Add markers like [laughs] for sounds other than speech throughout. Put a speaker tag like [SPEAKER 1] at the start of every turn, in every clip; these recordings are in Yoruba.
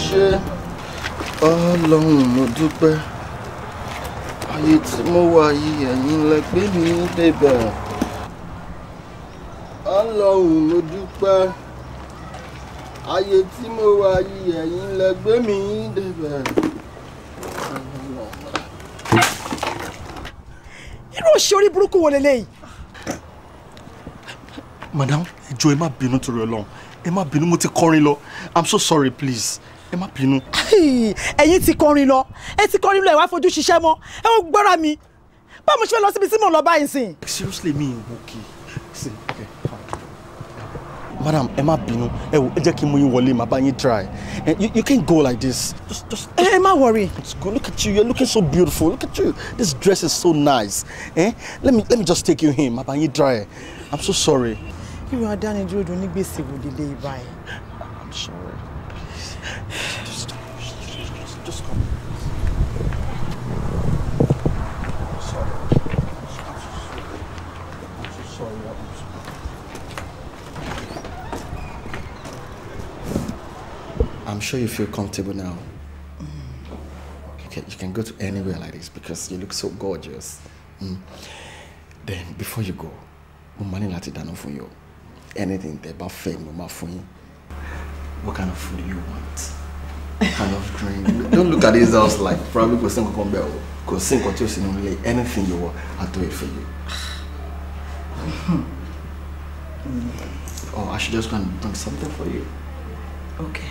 [SPEAKER 1] ṣe ọlọ́run mo dúpẹ́ ayé tí mo wà yìí ẹ̀yin lẹ gbé mi débẹ̀ ọlọ́run mo dúpẹ́ ayé tí mo wà yìí ẹ̀yin lẹ gbé mi débẹ̀.
[SPEAKER 2] irú òṣèré burúkú wo leléyìí.
[SPEAKER 1] madam ẹ jọ̀ọ́ ẹ má bínú torí Ọlọ́run ẹ má bínú mo ti kọrin lọ i'm so sorry please ẹ má bínú. [laughs] ẹ̀yin ti kọrin lọ ẹ ti
[SPEAKER 2] kọrin lọ ẹ wá fojú ṣiṣẹ́ mọ́ ẹ ó gbọ́ra mi báwo mo ṣe fẹ́ lọ síbi tí mò ń lọ báyìí sìn.
[SPEAKER 1] seriously mi ìwò kì í ṣe okay madam ẹ má bínú ẹ wò ẹ jẹ́ kí n mú yín wọlé màá bá yín dry eh, you, can't go like this. just
[SPEAKER 3] just. Eh, ẹ má worry. just go look at
[SPEAKER 1] you you're looking so beautiful look at you this dress is so nice eh? let me let me just take you in màá bá yín dry i'm so sorry.
[SPEAKER 3] irun adánidúró dùn ní gbèsè wò lélẹ́yìí báyìí. i'm sorry.
[SPEAKER 1] sure you feel comfortable now. Mm. Okay, you can go to anywhere like this because you look so gorgeous. Mm. Then before you go, mo máa ní láti dáná fún Anything tẹ́ bá fẹ́ ni for you. What kind of food do you want? What kind of drink? Don't look at this house like probably go sing nǹkan kan bẹ́ẹ̀ o. Kò sí nǹkan tí o Anything you want, I'll do it for you. Mm. Oh, I should just go and bring something for you. Okay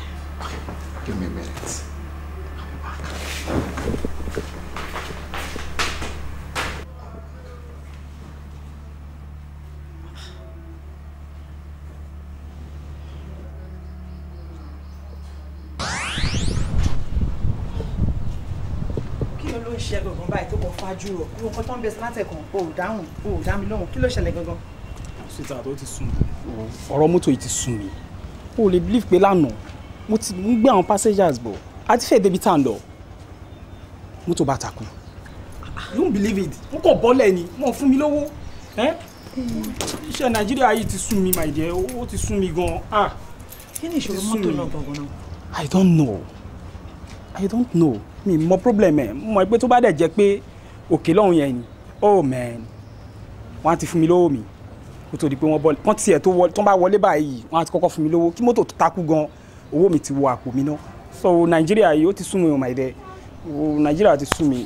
[SPEAKER 4] give me a minute. I'll be back.
[SPEAKER 2] Kí ló ń ṣe gangan báyìí tó kọ̀ fájú rọ̀? Irú nǹkan tó ń bẹ sí látẹ̀kàn, o ò dáhùn, o ò dá mi lóhùn. Kí ló ṣẹlẹ̀ gangan?
[SPEAKER 5] Ṣètò àtọ́ ti sùn. Ọ̀rọ̀ mọ́tò yìí ti sùn mí. O lè believe pé lánàá mo ti ń gbé àwọn passengers bọ̀ àti fẹ́ẹ̀ débi tá à ń lọ mọ́tò bá takùn. you don't believe it n kò bọ́lẹ̀ ni wọn fún mi lówó iṣẹ́ nàìjíríà yìí ti sún mi my dear ó ti sún mi gan-an. Ah. kí ni ìṣòro mọ́tò náà gangan i don't know i don't know mi mọ problem ẹ mọ pé tó bá dẹ̀ jẹ́ pé òkè lọ́hùn yẹn ni oh man wọ́n á ti fún mi lówó mi kó tó di pé wọ́n bọ́ọ̀lì kán tiẹ̀ tó bá wọlé báyìí wọ́n á ti kọ́kọ́ fún mi lówó kí mọ́tò takú gan owó mi ti wọ àpò mi náà so nàìjíríà yìí ó ti sún mi ọmọ ẹ̀dẹ nàìjíríà ti sún mi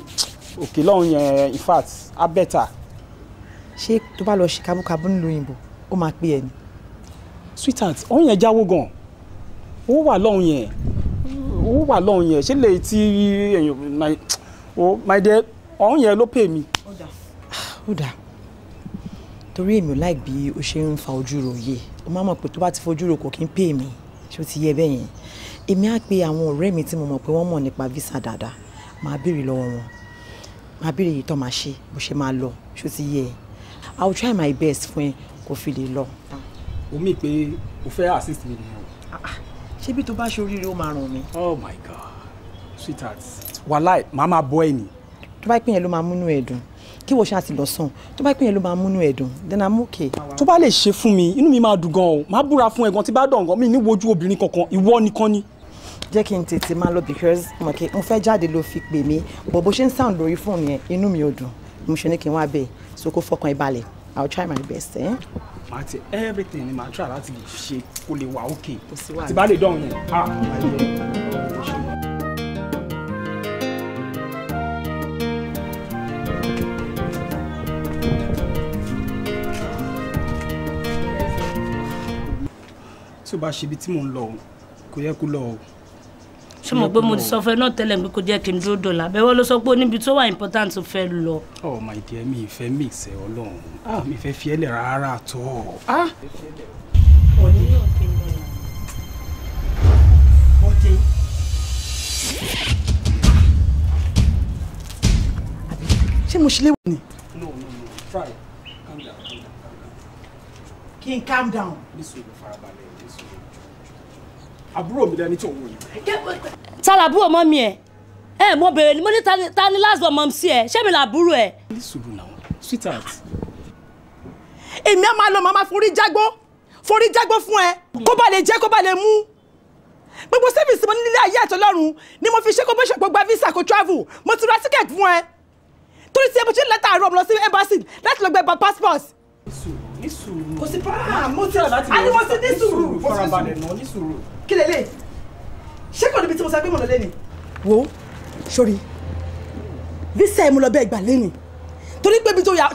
[SPEAKER 5] òkè lọ́hún yẹn in fact á bẹ́tà. ṣé tó bá lọ ṣe kábúkábú nílùú òyìnbó ó máa pè ẹ́ ni. sweetheart ọ̀hún yẹn jáwó gan owó wà lọ́hún yẹn owó wà lọ́hún yẹn ṣé lè ti èèyàn my dear ọ̀hún yẹn ló pè mí. ó dà ó dà
[SPEAKER 2] torí èmi ò láì bí ó ṣe ń fa ojú ro yìí ó má mọ̀ pé tó bá ti fojú ro kò kí ń pè mí ṣé ti yẹ bẹ́ẹ̀ yẹn èmi á pe àwọn ọ̀rẹ́ mi tí mo mọ̀ pé wọ́n mọ̀ nípa visa dáadáa máa béèrè lọ́wọ́ wọn máa béèrè yìí tó máa ṣe bó ṣe máa lọ ṣé ti yẹ i will try my best fún ẹ kó fi lè lọ. o mí pé o fẹ́ assist mi nìyẹn o. Ah,
[SPEAKER 5] ṣé bí tó bá ṣe oríire ó máa ràn mí. oh my god sweetheart wàláì màá máa bọ ẹ nì. tó bá pín yẹn ló máa múnú ẹ dùn kí wọ́n ṣáà ti lọ sàn tó bá pín yẹn ló máa múnú ẹ̀ dùn then i'm okay. tó bá lè ṣe fún mi inú mi máa dùn gan o máa búra fún ẹ tí bá dàn gan mi ní wojú obìnrin
[SPEAKER 2] kankan ìwọ nìkan ni. jẹ́ kí n tètè máa lọ because mo kì í fẹ́ jáde ló fi pè mí but bó ṣe ń sound lórí fóònù yẹn inú mi ò dùn mo ṣe ní kí n wá bẹ̀ so kó fọkàn ìbalẹ̀ i try my best. Eh?
[SPEAKER 5] màá ti everything ni màá try láti ṣe kó lè wà okay tí bá lè dán yẹn. tí o bá ṣe ibi tí mò ń lọ kò yẹ kó lọ o.
[SPEAKER 2] ṣé mo pé mo ti sọ fún náà tẹ́lẹ̀ mi kò jẹ́ kí n dúró dọ̀là bẹ́ẹ̀ wọ́n ló sọ pé níbi tó wà important tó fẹ́ lọ. oh my dear mi ì fẹ́ mix ẹ ọlọ́run ah mi fẹ́ fi
[SPEAKER 5] ẹlẹ̀ rárá tọ́ ah!
[SPEAKER 2] ṣé mo ṣe léwu ni.
[SPEAKER 5] kí n calm down àbúrò mi lẹni tí òun yìí.
[SPEAKER 2] tálàbúrò mọ́ mi ẹ̀ ẹ mo bèrè mo ní ta ni last born mom sí ẹ ṣé mi làbúrò ẹ. ní sùúrù náà sweetheart. èmi á máa lọ màmá forí jágbó forí jágbó fún ẹ kó bá lè jẹ kó bá lè mú gbogbo sẹ́fìsì mo ní nílé ayé àtọ́lọ́run ni mo fi ṣe kó bó ṣe gbogbo visa kó travel mo ti ra ticket fún ẹ torí ti ẹ bó ṣe ń lẹ́tà àárọ̀ lọ sí embassy láti lọ gba ẹ̀bà passport. ní
[SPEAKER 5] sùúrù ní sùúrù kò sí pàrọ̀ ah, mo ti àní ah, mo ti ní sùúrù farabalẹ̀ náà ní sùúrù
[SPEAKER 2] kí lélẹ̀ ṣé kò níbi tí mo sọ pé mo lọ lé ni. wo sori visa ẹ mo lọ bẹ ìgbà lẹ́nu torí pé ibi tó ya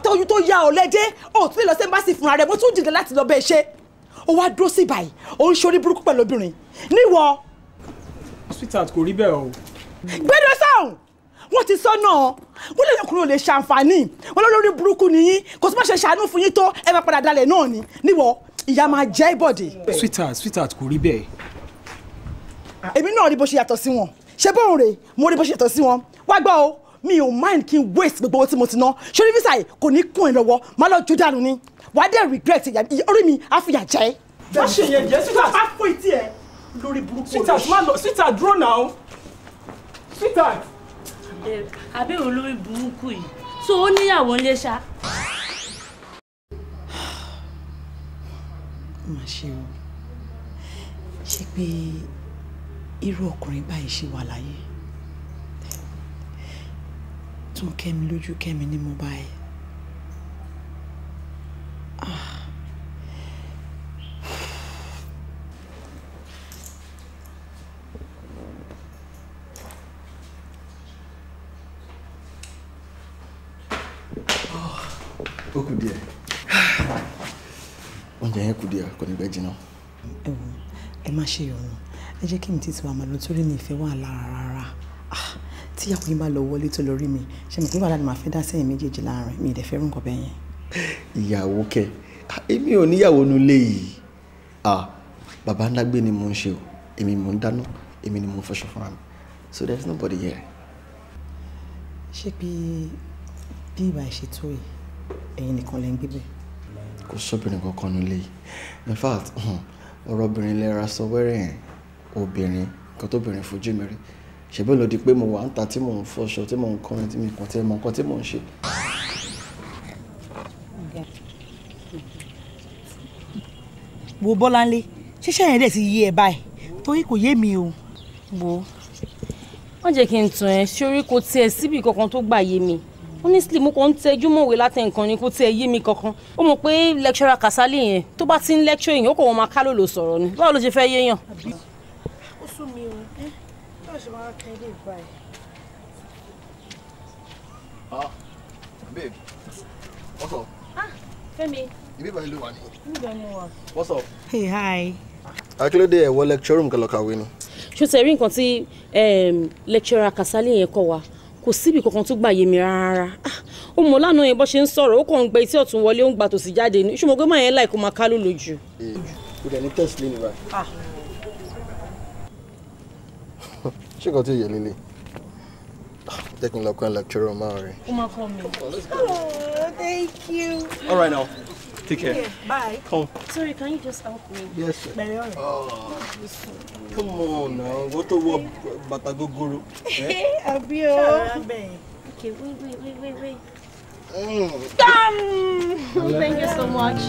[SPEAKER 2] ọ̀lẹ́dẹ́ ò tún lè lọ sí ẹmbásì fúnra rẹ̀ mo tún jìnnà láti lọ bẹ ẹ ṣe ó wá dúró sí báyìí ó ń ṣorí burúkú pẹ̀lú obìnrin
[SPEAKER 5] níwọ. sweetheart kò rí bẹ́ẹ̀ o. gbẹ́dọ̀ sáhùn wọ́n ti
[SPEAKER 2] sọ náà wọ́n lè lọ́kùnrin ò lè ṣàǹfààní wọ́n lórí burúkú nìyí kò sí má ṣe ṣàánú fún yín tó ẹ máa padà dalẹ̀ náà ni níwọ ìyá máa jẹ́ ìbọ̀dé.
[SPEAKER 5] sweetheart sweetheart kò rí bẹ́ẹ̀
[SPEAKER 2] èmi náà rí bó ṣe yàtọ̀ sí wọn ṣé bóun rè mo rí bó ṣe yàtọ̀ sí wọn wá gbọ́ o mi ò mind kí n waste gbogbo owó tí mo ti ná ṣorí visa yìí kò ní kún ẹ lọ́wọ́ má lọ jó dànù ni wàá dẹ̀ regret orí mi á fi yà jẹ́. má ṣe yẹn jẹ́ sweetheart má fún etí ẹ lórí burúkú olóṣù. sweetheart má lọ sweetheart dúró náà sweetheart. àbẹ́ olórí burúkú yìí tó o níyàwó ńlẹ́ ṣá. má ṣe o ṣe pé irú ọkùnrin báyìí ṣe wà láyé tún kẹ́mi lójú kẹ́mi ní mo báyìí
[SPEAKER 6] ó kù díẹ̀
[SPEAKER 1] oúnjẹ yẹn kù díẹ̀ kò ní bẹ́ẹ̀ jìnnà.
[SPEAKER 2] ẹ má ṣe yọnu ẹ jẹ́ kí mi ti ti wà mà lọ torí mi ìfẹ́ wà lára rárá ah, tíyàwó yín bá lọ wọlé tó lọ rí mi ṣe mi kí wàhálà ni màá fẹ́ dá sẹ́yìn méjèèjì láàrin mi ìdẹ̀fẹ́ rún kọ́ bẹ́yẹn.
[SPEAKER 1] ìyàwó kẹ ah, èmi ò níyàwó nu ilé yìí ah, bàbá ńlá gbé ni mò ń ṣe o èmi mò ń dáná èmi ni mò ń fọṣọ fúnra mi so there is nobody here.
[SPEAKER 2] ṣé bí bí ìbá ṣe tó yìí ẹ̀yin nìkan lẹ́ ń gbé bẹ́ẹ̀.
[SPEAKER 1] kò sóbìnrin kankan nu yìí in fact [laughs] ọ̀rọ̀ obìnrin lẹ́ra sọ wẹ́rẹ́ yẹn obìnrin nǹkan tóbìnrin fojú mi rí ṣèbí lòdì pé mo wà ń ta tí mò ń fọṣọ tí mò ń kọrin tí mi kàn tí mò ń kọ́ tí mò ń ṣe.
[SPEAKER 2] wo bọ́láńlé ṣíṣe yẹn dẹ̀ ti yé ẹ báyìí torí kò yé mi o. wo má jẹ́ kí n tàn ẹ́ ṣé orí kò tiẹ̀ síbi kankan tó gbà yé mi honestly mo kàn ń tẹjú mọ́wé láti nǹkan ni kò tiẹ̀ yé mi kankan ó mọ̀ pé lecturer Kasali yẹn tó bá ti ń lecture yẹn ó kàn wọ́n máa ká lòlò sọ̀rọ̀ ni báwo ló ṣe fẹ́ yéèyàn sú mi o yóò eh? ṣe máa kẹ́ ilé ìgbà ẹ̀. ah
[SPEAKER 1] babe what's up.
[SPEAKER 2] ah Femi.
[SPEAKER 1] ibi ìbàdàn ló wà ní.
[SPEAKER 2] ibi ìbàdàn ló wà. what's up. hey hi.
[SPEAKER 1] akérèdé ah, ẹ̀wọ̀ lecture room kẹlọ̀ kàwé ni.
[SPEAKER 2] ṣó ṣe rí nǹkan tí lecturer Kasali yẹn kọ́ wa kò síbi kankan tó gbàyè mi rárá ah, ó mọ lánàá yẹn bó ṣe ń sọ̀rọ̀ ó kàn ń gbẹ etí ọ̀tún wọlé ó ń gbà jáde ní ṣùgbọ́n gbẹ́mọ̀ yẹn láì kó máa ká ló lójú. o eh, dẹ̀ ní test lé ní báyìí. Ah.
[SPEAKER 1] ṣé nǹkan tí ò yẹ líle jẹ́ kí n lọ kọ́ ẹ̀ lecturer máa rẹ̀.
[SPEAKER 2] ó máa kọ́ mi. oh thank you. all right now. Take care. bye. Come. Sorry, can you just help me? Yes, sir. Very all ah.
[SPEAKER 1] Come on now. What to what Batago Guru? Eh?
[SPEAKER 2] Abio. Okay, wait, wait, wait, wait, wait. Mm. Damn! Thank you so much.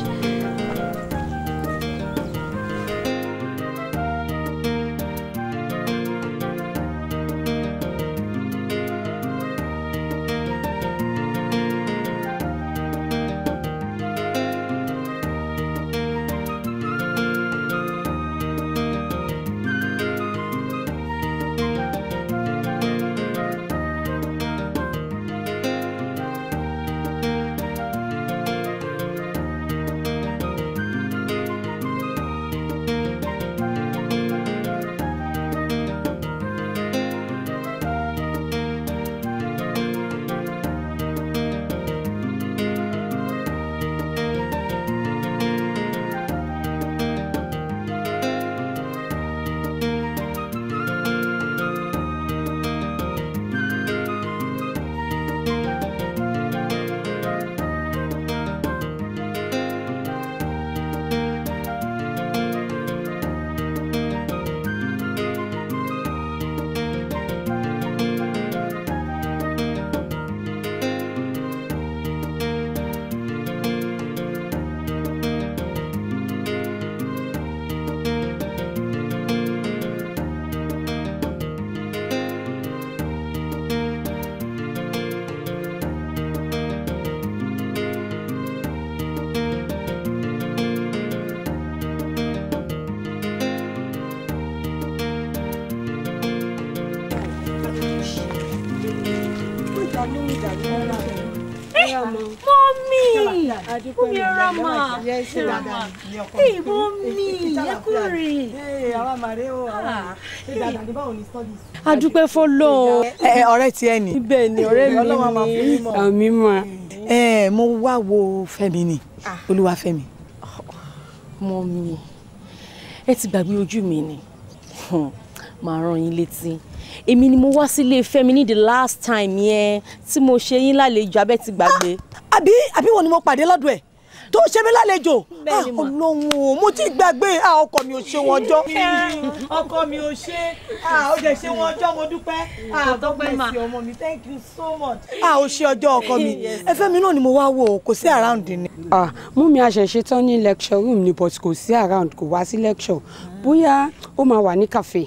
[SPEAKER 2] fúnmi ọ̀rọ̀ mà ọ̀rọ̀ mà ìbò mi ẹkùnrin. Ah, adúpẹ́ fọlọ́. ọ̀rẹ́ ti ẹ ní. ibẹ̀ ni ọ̀rẹ́ mi ni àmì mà. mo wá wo fẹ́mi ni ah. olúwafẹ́mi. ọmọ mi ẹ ti gbàgbé ojú mi ni màá rán yín létí èmi ni mo wá sílé fẹ́mi ní the last time yẹn tí mo ṣe yín lálejò abẹ́ ti gbàgbé. Ah! àbí àbí wọn ni mo pàdé lọ́dọ̀ ẹ̀ tó ṣe mí lálejò ah, ọlọ́run o mo ti gbàgbé ah, ọkọ mi ò ṣe wọn jọ. [laughs] ọkọ mi ò ṣe ah, ó jẹ ṣe wọn jọ mo dúpẹ́ àtọ́pẹ́ sí ọmọ mi thank you so much. a ò ṣe ọjọ́ ọkọ mi [laughs] ẹfẹ́ mi náà ni mo wá wò kò sí around ni. mú mi àṣẹ̀ṣe tán ní lecture room ni but kò sí around kò wá sí lecture bóyá ó máa wà ní cafe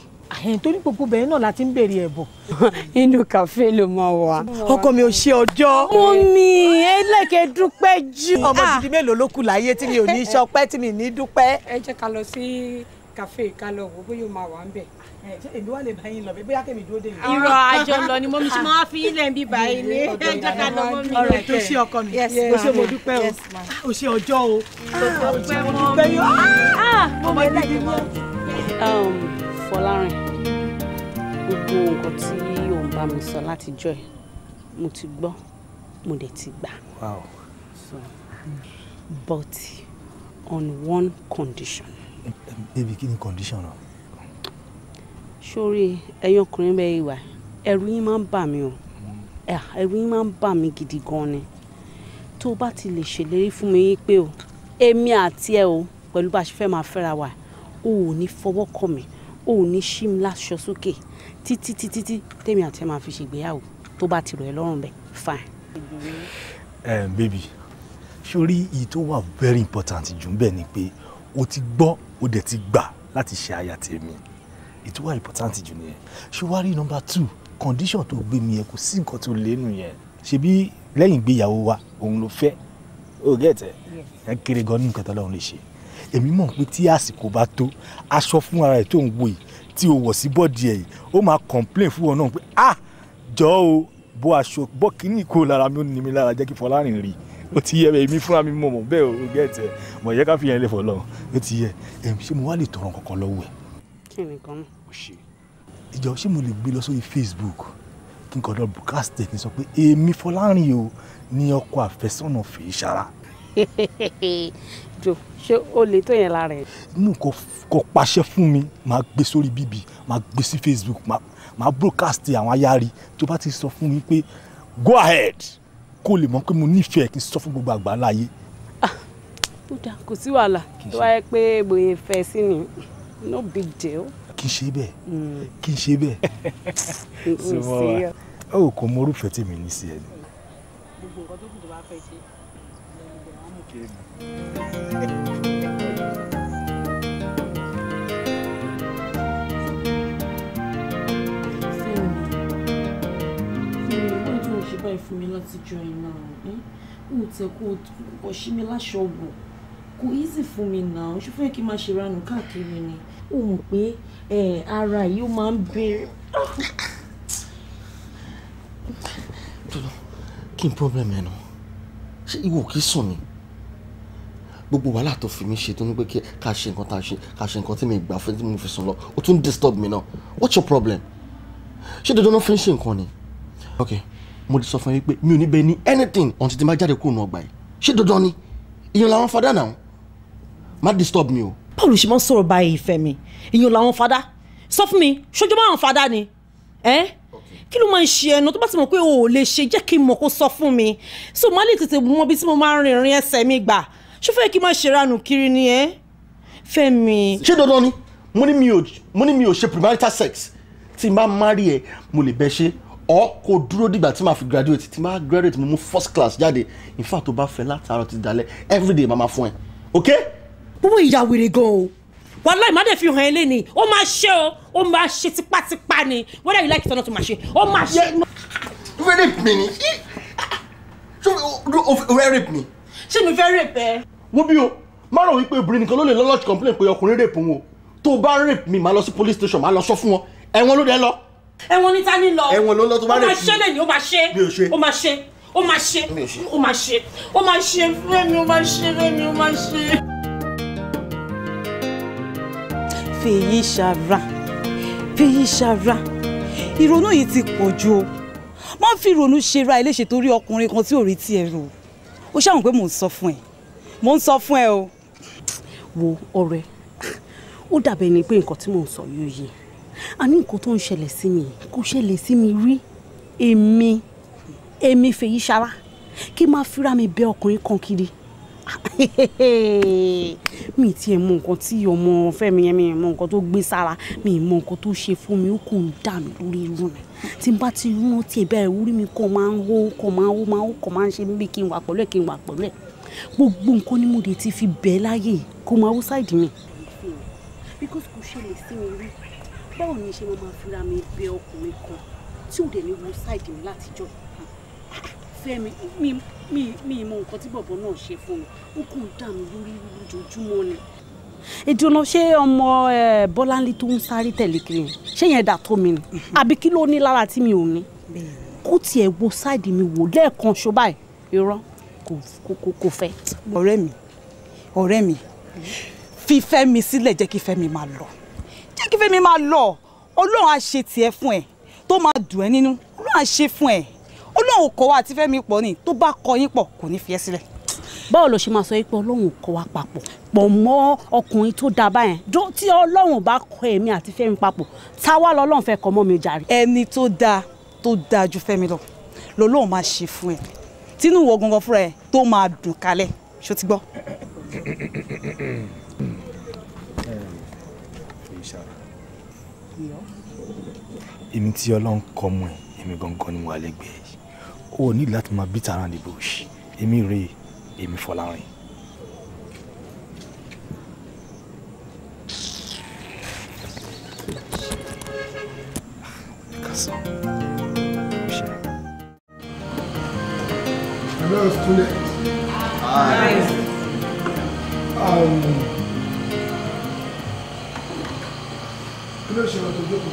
[SPEAKER 2] torí gbogbo bẹ̀rẹ̀ náà la ti ń béèrè ẹ̀bùn. [laughs] inú kàfé ló máa wà ọkọ mi ò ṣe ọjọ́. mú mi ẹlẹ́kẹ̀ dúpẹ́ jù. ọmọ ah. gidi mélòó ló kù láyé tí mi ò ní iṣẹ́ ọpẹ́ tí mi ní dúpẹ́. ẹ jẹ́ ká lọ sí kàfé ká lọ wò bóyá o máa wà ń bẹ̀. èmi wà lè bá yín lọ bẹ bóyá kẹ́mi dúró dé mi. irọ́ àjọ lọ ni mo mi ṣe máa fi ilẹ̀ ń bí báyìí ní ẹ jẹ́ ká lọ mọ́ mi. ọ̀rẹ́ tó ọkọ mi o ṣe mo dúpẹ́ o o ṣe ọjọ́ o. ọmọ ẹlẹ́yìn mọ́. Um, Fọlárìn gbogbo nǹkan tí ò ń bá mi sọ láti jọ ẹ mo ti gbọ́ mo dẹ̀ ti gbà. but on one condition.
[SPEAKER 6] baby kí ni condition náà.
[SPEAKER 2] sórí ẹyin ọkùnrin bẹ́ẹ̀ ìwà ẹ̀rù yín máa ń bà mí o mm. ẹ̀rù yín máa ń bà mí gidi gan ni tó o bá ti lè ṣèlérí fún mi pé o èmi àti ẹ o pẹ̀lú bá a ṣe fẹ́ máa fẹ́ra wa o ò ní fọwọ́ kọ mi ò ní ṣí mi títí títí tí tèmi àti ẹ máa fi ṣègbéyàwó tó bá ti rọ̀ ẹ́ lọ́rùn bẹ́ẹ̀ fine.
[SPEAKER 6] Um, baby sórí èyí tó wà very important jù ń bẹ̀ ni pé o ti gbọ́ o dẹ̀ ti gbà láti ṣe aya tèmi èyí tó wà important jù nìyẹn ṣùwárí number two condition tó gbé mi yẹn kò sí nǹkan tó lẹ́nu yẹn ṣebí lẹ́yìn ìgbéyàwó wa òun ló fẹ́ o gẹ̀ẹ́tẹ̀ ẹ kéré gan ní nǹkan tó lọ́run lè ṣe èmi mọ̀ pé tí àsìkò bá tó aṣọ fún ara ẹ̀ tó ń wò yìí tí o wọ̀ sí bọ́ọ̀dì ẹ̀ yìí ó máa complain fún wọn náà pé ah jọ o bó aṣọ bọ́ kíní ìkó lára mi ó ní mi lára jẹ́ kí Fọlárìn rí ó ti yẹ èmi fúnra mi mọ̀ mọ̀ bẹ́ẹ̀ o gẹ́tẹ̀ mọ̀ yẹ ká fi yẹn lè fọ̀ lọ́hùn ó ti yẹ èmi ṣé mo wá lè tọrọ kankan lọ́wọ́ ẹ̀. kí ni kan náà. ìjọ ṣé mo lè gbé lọ sórí Facebook kí n kọ́ lọ broadcast ẹ̀ sọ pé èmi Fọlárìn o ní ọkọ àfẹ́sọ́nà fèé ṣara
[SPEAKER 2] [laughs] jo ṣé o lè tó yẹn lára ẹ.
[SPEAKER 6] inú kò kò pàṣẹ fún mi màá gbé sórí bíbí màá gbé sí facebook màá broadcast àwọn ayárí tó bá ti sọ fún mi pé go ahead kó lè mọ̀ pé mo nífẹ̀ẹ́ kí n sọ fún gbogbo àgbà láàyè. Ah,
[SPEAKER 2] ó dáa kò sí wàhálà tó wáyé pé bòye fẹ́ sí ni no big deal. kì í ṣe bẹ́ẹ̀ hmm.
[SPEAKER 6] kì í ṣe bẹ́ẹ̀. sọ [laughs] wa ó kò mọ orúfẹ́ tèmi ní sí ẹ ni.
[SPEAKER 7] gbogbo nǹkan tó kù tó bá fẹ́ ṣe
[SPEAKER 2] báyìí fún mi láti jọ iná ò tẹ kó kọ sí mi láṣọ wò kò easy fún mi náà ṣó fẹ́ kí n máa ṣèranù káàkiri ni ó mọ̀ pé ara yìí ó máa ń béèrè.
[SPEAKER 1] tọ́lọ́ kí n problem ẹ̀ nù ṣé ìwọ kìí sùn ni gbogbo wàhálà tó fi mí ṣe tó ní pé kí ká ṣe nǹkan tá a ṣe ká ṣe nǹkan tí mi gbà fún tí mo fi sùn lọ ó tún disturb mi náà what's your problem ṣé dandan náà fi ń ṣe nǹkan ni. ok mo sọ fún yín pé mi ò ní bẹ ní anything until tí n bá jáde kúrò ní ọgbà yìí ṣé dandan ni ìyẹn làwọn fada
[SPEAKER 2] náà má disturb mi o. paul ṣe máa ń sọ̀rọ̀ báyìí ìfẹ́ mi ìyẹn làwọn fada sọ fún mi ṣojú máa ń fada ni kí ló máa ń ṣe ẹnu tó bá ti mọ̀ pé o ò lè ṣe jẹ́ kí n mọ̀ kó sọ fún mi so má lè tètè mọ bí tí mo máa ń rìnrìn ẹsẹ̀ mi gbà ṣé fẹ́ kí n má ṣe ránù kiri ni ẹ́ fẹ́mi. ṣé dandan ni mo ní mi ò mo mi ò
[SPEAKER 1] ṣe premarital sex tí n bá marry ẹ mo lè bẹ ṣe ọ kò dúró dìgbà tí màá fi graduate tí màá graduate mo mú first class jáde in fact tó bá fẹ́ látàárọ̀ ti dalẹ́ everyday màá ma fún ẹ
[SPEAKER 2] ok. bọ́bọ́ ìyá wèrè gan o wàláì má dẹ̀ fi hàn ẹ́ lẹ́ni ó máa ṣe o ó máa ṣe tipátipá ni whether you like it or not ó máa ṣe ó máa ṣe. rape mi ni ṣé o fẹ́ rape mi. ṣé mi fẹ́ rape wo bí
[SPEAKER 1] o má rò wípé obìnrin nìkan ló lè lọ́lọ́ọ̀tì complain pé ọkùnrin rape òun o tó bá rape mi máa lọ sí police station
[SPEAKER 2] máa lọ sọ fún wọn ẹ̀wọ̀n ló dé lọ. ẹ̀wọ̀n ní ta ni lọ ẹ̀wọ̀n ló lọ tó bá rape mi ó máa ṣe lẹ́yìn ó máa ṣe ó máa ṣe ó máa ṣe ó máa ṣe ó máa ṣe Fẹ́mi ó máa ṣe Fẹ́mi ó máa ṣe. fèyí ṣara fèyí ṣara ìrònú yìí ti pọ̀ ju o má fi ìrònú ṣe ra ilé ṣètò ọkùnrin kan tí ò rí tiẹ̀ rò ó ṣàwọn pé mò ń sọ fún ẹ mo ń sọ fún ẹ o. wo ọ̀rẹ́ ó dàbẹ ni pé nǹkan tí mò ń sọ yóò yé àní nǹkan tó ń ṣẹlẹ̀ sí mi kò ṣẹlẹ̀ sí mi rí èmi èmi fèyí ṣara kí n máa fira mi bẹ ọkùnrin kan kiri [laughs] mi tiẹ̀ mọ nǹkan tí ọmọ fẹ́mi yẹn mi mọ nǹkan tó gbé sára mi mọ nǹkan tó ṣe fún mi ó kò ń dà mí lórí irun mi tí n bá ti rún ó tiẹ̀ bẹ̀rẹ̀ wúrí mi kọ́ máa ń hó kọ́ máa ń hó máa ń hó kọ́ máa ń ṣe mí bí kí n wà pẹ̀lú ẹ̀ kí n wà pẹ̀lú ẹ̀ gbogbo nǹkan ni mo dé ti fi bẹ́ẹ̀ láyè kó máa wó sáìdì mi. because kò ṣẹlẹ̀ sí mi rí báwo ni ṣe máa fira mi bẹ ọkùnrin kan tí ò dẹ̀ ní wo sáìdì mi látijọ́ fẹ́mi mi mọ nǹkan tí bọ̀bọ̀ náà ṣe fún mi ó kàn dà mí lórí lójoojúmọ́ ni. ìdùnnà ṣé ọmọ bọ́láńlé tó ń sáré tẹ̀lé kiri ṣé yẹn dà tó mi ni mm-hmm. àbí kí ló ní lára tí mi ò ní kó tiẹ̀ wo sáìdì mi wò lẹ́ẹ̀kan ṣó báyìí irọ́ kò fẹ́. ọ̀rẹ́ mi ọ̀rẹ́ mi fífẹ́ mi sílẹ̀ jẹ́ kí fẹ́ mi máa lọ jẹ́ kí fẹ́ mi máa lọ ọlọ́run á ṣe tiẹ̀ fún ẹ tó máa dùn ẹ́ nínú ọlọ́run á ṣe fún ẹ ọlọ́run kọ́ wa àti fẹ́ mi pọ̀ ni tó bá kọ yín pọ̀ kò ní fi ẹ́ sílẹ̀. báwo lo ṣe máa sọ pé ọlọ́run kọ́ wa papọ̀ pọ̀ mọ́ ọkùnrin tó dáa báyẹn tí ọlọ́run bá kọ èmi àti fẹ́mi papọ̀ táwa lọ́lọ́run fẹ́ kọ́ mọ́ mi jàre. ẹni tó dáa tó dáa ju fẹ́mi lọ lọ́lọ́run máa ṣe fún ẹ tínú wọ gangan fúnra ẹ tó máa dùn kalẹ̀ ṣó ti gbọ́.
[SPEAKER 6] èmi tí ọlọ́run kọ́ mọ́ ẹ̀ èmi gangan ni mo wà lẹ́gbẹ̀ẹ́ yìí ó ní láti máa beat around the bush èmi rèé èmi Fọlárin.
[SPEAKER 4] a student. Nice. Um, kí ló ṣe ọ̀tọ̀ tó kù?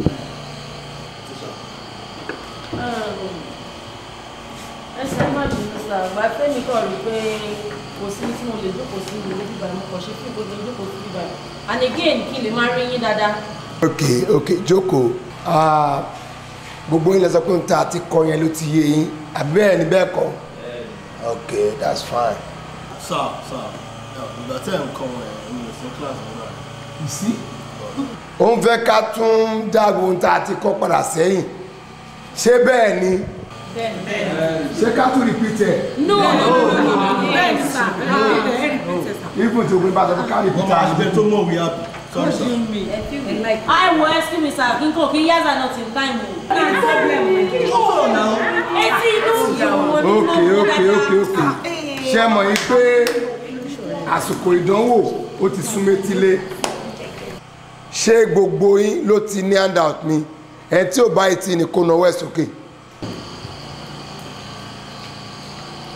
[SPEAKER 2] Ẹsẹ̀ má jùlọ sà, àgbà Fẹ́mi kọ̀ I pé kò call. tí mo lè jókòó sí ìlú bíbá mo kàn ṣe fún ìbòjì jókòó sí bíbá. And again, kí lè máa rí yín
[SPEAKER 4] Okay. Ok, ok, jókòó. Ah, gbogbo yín lọ sọ pé ń ta àti kọ yẹn ló ti yé yín, àbí bẹ́ẹ̀ ni bẹ́ẹ̀ kọ́ okay that's fine. sir sir
[SPEAKER 1] ìgbà tẹ́ ẹ̀ ń kọ́ ẹ̀ class.
[SPEAKER 4] You see? kíláàsì nígbà yìí sí. ó ń fẹ́ ká tún dáàbò ohun tá a ti kọ́ padà sẹ́yìn ṣé bẹ́ẹ̀ ni. ṣé ká tún repeat ẹ̀. no no no no bẹ́ẹ̀ ni sir. even tí o gbé bá a sọ fún ká repeat ẹ̀. wọ́n máa ṣe tó mọ̀ wíyá bù. What do
[SPEAKER 2] I will excuse me, sir. Nko, kí yàtọ̀ náà ti time
[SPEAKER 7] Okay, okay, okay,
[SPEAKER 4] okay. Share my yí pé àsìkò ìdánwò ó ti sún métílé? Ṣé gbogbo yín ló ti ní handout ni? Ẹ tí ò bá etí ni kó nawọ́ ẹ̀ sókè.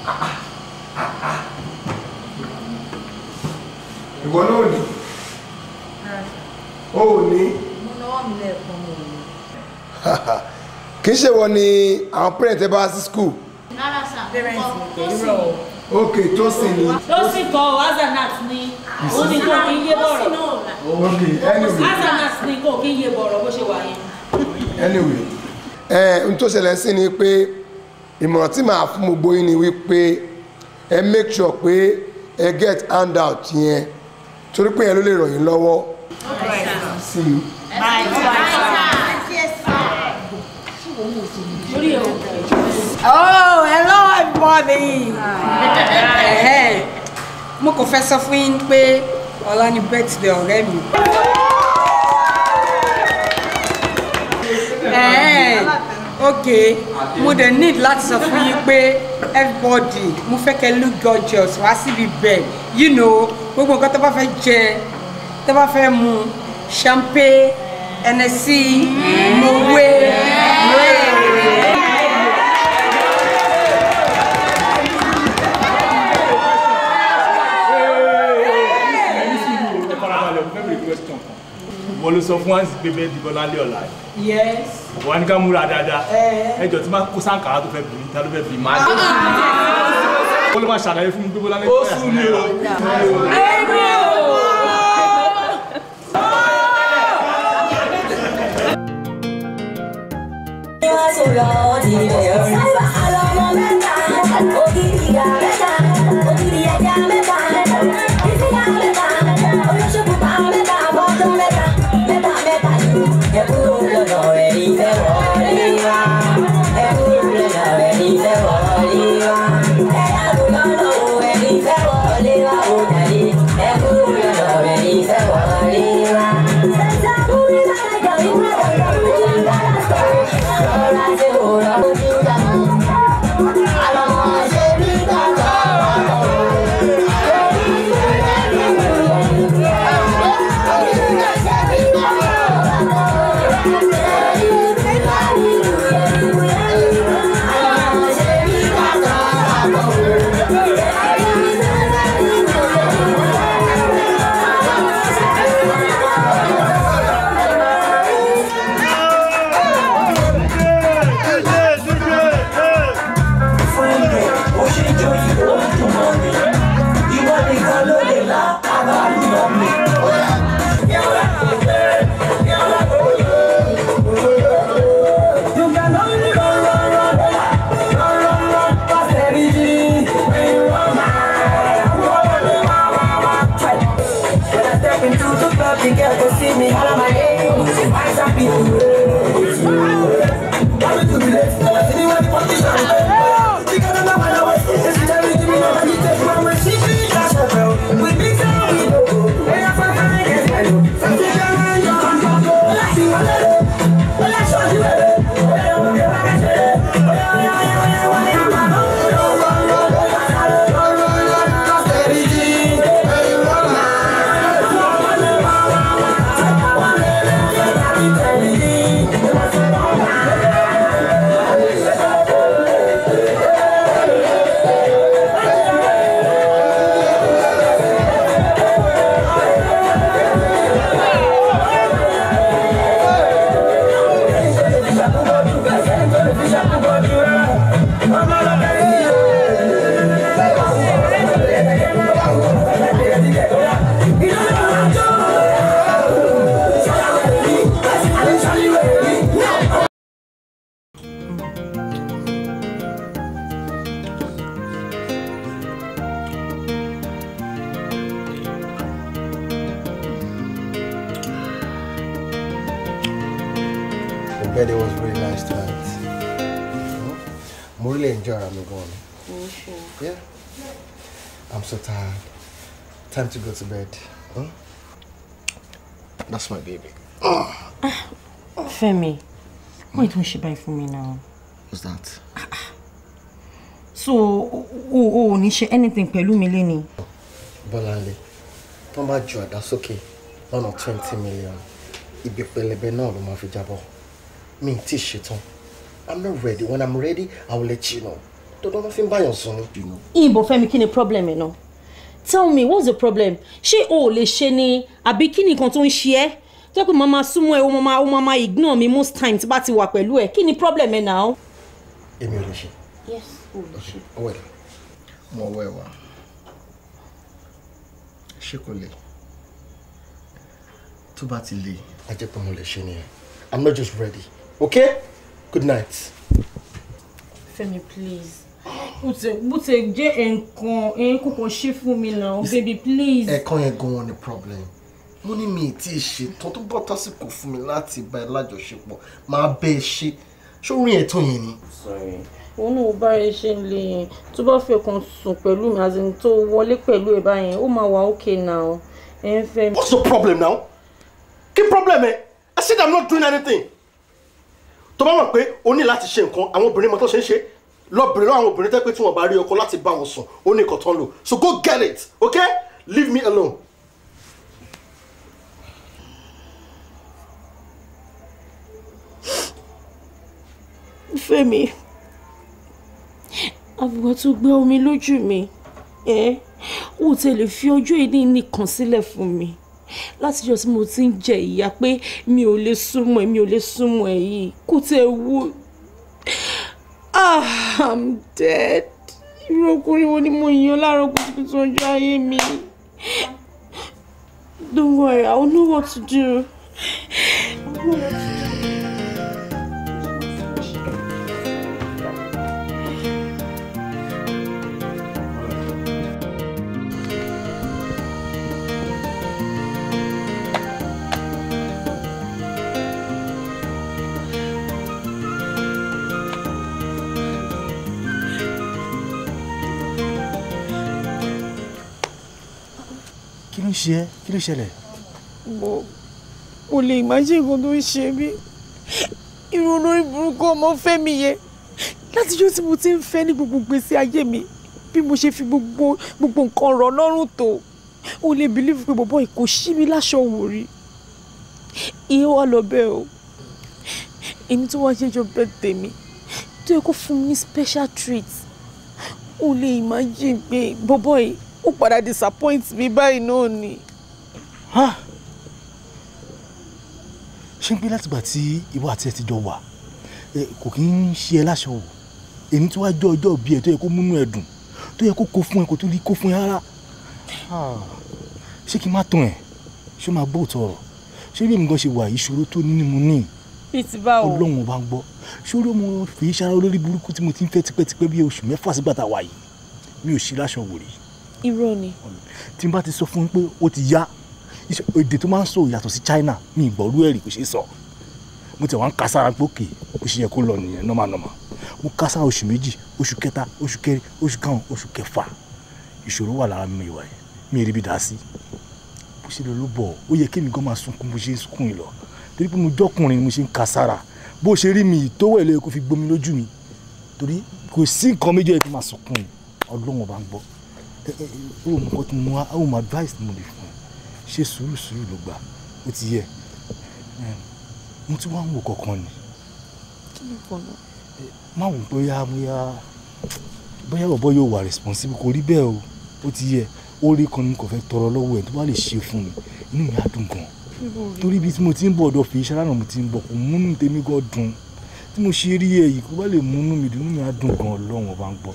[SPEAKER 4] Ah, ah, ah, Ìwọ náà ni o ò ní. mo
[SPEAKER 7] náwó mi
[SPEAKER 2] lẹ́ẹ̀kan mo ò
[SPEAKER 4] ní. [laughs] kì í ṣe wọ ni àwọn parent ẹ bá sí school. rárá sà ok tosin ni.
[SPEAKER 2] tosin kọ azanat ni ó ní kò kí n yé bọ̀rọ̀
[SPEAKER 4] ok anyway azanat
[SPEAKER 2] ni kò kí n yé bọ̀rọ̀ bó ṣe wà yẹn.
[SPEAKER 4] anyway ẹ n tó ṣẹlẹ̀ sí ni pé ìmọ̀ràn tí màá fún gbogbo yín ni wípé ẹ make sure pé ẹ get handout yẹn torí pé yẹn ló lè ràn yín lọ́wọ́ Right. See you.
[SPEAKER 2] Bye. Bye. Bye. Yes, bye. Oh, hello everybody. Hey. Mo kò fẹ́ sọ fún yín pé ọ̀la ni birthday ọ̀rẹ́ Hey, Okay, mo dẹ̀ need lots of fún yín everybody mo fẹ́ kẹ́ look gorgeous wá síbi bẹ́ẹ̀. You know, gbogbo nǹkan tó bá fẹ́ jẹ tẹ́ bá fẹ́ mu champagne ẹnẹsí mowé lóye.
[SPEAKER 6] mo ló sọ fún wa sí bébé dìbọn lálẹ́ ọ̀la yìí. yes. ọ̀pọ̀ wa ní ká múra dáadáa. ẹ jọ tí máa kó sàǹkàrà tó fẹ́ bì í ta ló fẹ́ bì í máa lé. Ah. ó ló máa ṣàlàyé fún mi bébé lálẹ́. ó sùn ní o. i yeah, yeah, yeah.
[SPEAKER 2] ṣe báyìí fún mi náà. what's that. so oh, oh, ò ní ṣe anything pẹ̀lú mi léni.
[SPEAKER 1] bọ́láńlé tó bá ju àdá sókè lọ́nà twenty million ibi pẹlẹbẹ náà ló máa fi jábọ̀ mi ì tí ì i'm not ready when i'm ready i will let you know
[SPEAKER 2] Don't dandan ló fi ń báyọ̀ sùn. ìbò fẹ́mi kí kini problem you know. tell me what's the problem She o ò lè ṣe ni àbí kí nìkan tó pé màmá súnmọ́ ẹ o màmá o màmá ignore mi most times tí ti wà pẹ̀lú ẹ kí problem ẹ náà.
[SPEAKER 1] èmi ò lè ṣe. yes o lè ṣe. ọwọ́ ẹ mo ọwọ́ wa. wá ṣé kò lè tó ti lè. a jẹ́ pé mo lè ṣe nìyẹn i'm not just ready okay good night.
[SPEAKER 2] Femi please bó ti jẹ́ ẹ̀ẹ̀kan ẹ̀ẹ̀kan kan ṣe fún mi náà baby please. ẹ̀ẹ̀kan
[SPEAKER 1] yẹn gan-an the problem mo ní mi tí ì ṣetán tó bọ́ tásìkò fún mi láti bá ẹ lájọṣepọ̀ máa bẹ́ ẹ ṣe sórí ẹ̀tàn yẹn ni.
[SPEAKER 2] òun náà bá ẹ ṣe ń lè yẹn tó bá fẹ́ kan sùn pẹ̀lú mi àti tó wọlé pẹ̀lú ẹ̀ báyẹn ó máa wà ókè náà ẹ ń fẹ́. what's your problem now? kí problem ẹ I said I'm not doing
[SPEAKER 1] anything. tó bá mọ̀ pé o ní láti ṣe nǹkan àwọn obìnrin mọ́tò ṣe ń ṣe lọ́bìnrin láwọn obìnrin tẹ́ pé tí wọ́n bá rí ọkọ láti bá wọn sùn ó ní ìkọ̀tán lò so go get it okay leave me alone.
[SPEAKER 2] Fẹ́mi àbùkù tó gbé omi lójú mi ẹ ò tẹ̀lé fi ọjọ́ ìní nìkan sílẹ̀ fún mi látijọ́ tí mo ti ń jẹ ìyà pé mi ò lè súnmọ́ ẹ mi ò lè súnmọ́ ẹ yìí kò tẹ̀ wú ah i'm dead irú ọkùnrin wo ni mo yan láàárọ̀ kùtùkùtù ọjọ́ ayé mi don't worry i will know what to do.
[SPEAKER 6] ṣe ẹ́ kí ló ṣẹlẹ̀.
[SPEAKER 2] mo mo lè má ṣe nǹkan tó ń ṣe mí irú olórí burúkú ọmọ fẹ́ mi yẹn látijọ́ tí mo ti ń fẹ́ ní gbogbo gbèsè ayé mi bí mo ṣe fi gbogbo gbogbo nǹkan rọ̀ lọ́rùn tó o lè bìlífù pé bọ̀bọ̀ kò sí mi láṣọ wò rí iye wa lọ bẹ́ẹ̀ o èmi tó wá ṣẹjọ bẹ́ẹ̀ tèmi tó yẹ kó fún mi special treat o lè imagine pé bọ̀bọ̀ yìí ó padà disappoint mi báyìí náà
[SPEAKER 6] ni. ṣé ń pé látìgbà tí ìwọ àti ẹ ti jọ wà kò kí ń ṣe ẹ láṣọ wò èmi tí wàá jọ ọjọ́ ìbí ẹ tó yẹ kó múnú ẹ dùn tó yẹ kó kó fún ẹ kó tó lè kó fún ẹ rárá ṣé kí n má tàn ẹ ṣé máa gbọ́ òótọ́ ọ̀rọ̀ ṣé bí èmi gan ṣe wà ìṣòro tó ní ni mo ní
[SPEAKER 2] ọlọ́run
[SPEAKER 6] bá ń gbọ́ ṣórí mo fi ṣara olórí burúkú tí mo ti ń fẹ́ tipẹ́tipẹ́ bí oṣù mẹ́fà sígbà tá a wà yìí mi ò ṣí láṣọ wò rí irọ́ ni. tí n bá ti sọ fún yín pé ó ti yá èdè tó máa ń sọ yàtọ̀ sí China mi ìgbọ́rú ẹ̀rì kò ṣe é sọ mo ti wá ń kására gbókè ó ṣe yẹ kó lọ nìyẹn nọ́mànọ́mà mo kásá oṣù méjì oṣù kẹta oṣù kẹrin oṣù karùn oṣù kẹfà ìṣòro wà lára mi ìwà yẹn mi rí bí dá sí bó ṣe lọ ló bọ̀ ó yẹ kí mi gan máa sunkún bó ṣe ń sunkún yìí lọ torí pé mo jọkùnrin mo ṣe ń kására bó ṣe rí mi ìtọ́wẹ̀ lóye kó fi gbomi lójú mi torí kò sí nǹkan méjì ẹ̀ kí máa sunkún ọlọ́run ọba ń gbọ́ ó mọ tí mo wá ó mọ advice mo lè fún ẹ ṣe sùúrù sùúrù ló gbà ó ti yẹ mo ti wá ń wò kankan ni. kí ló kọ lọ. má wò bóyá bóyá bóyá bọ̀bọ̀ yóò wà responsible kò rí bẹ́ẹ̀ o ó ti yẹ ó rí kan ní kò fẹ́ tọrọ lọ́wọ́ ẹ̀ tó bá lè ṣe fún mi inú mi á dùn gan torí ibi tí mo ti ń bọ̀ ọ̀dọ̀ fi iṣẹ́ lánàá mo ti ń bọ̀ kò múnú tèmi gan dùn tí mo ṣe rí ẹ yìí kó bá lè múnú mi dùn inú mi á dùn gan ọlọ́run ọba ń gbọ́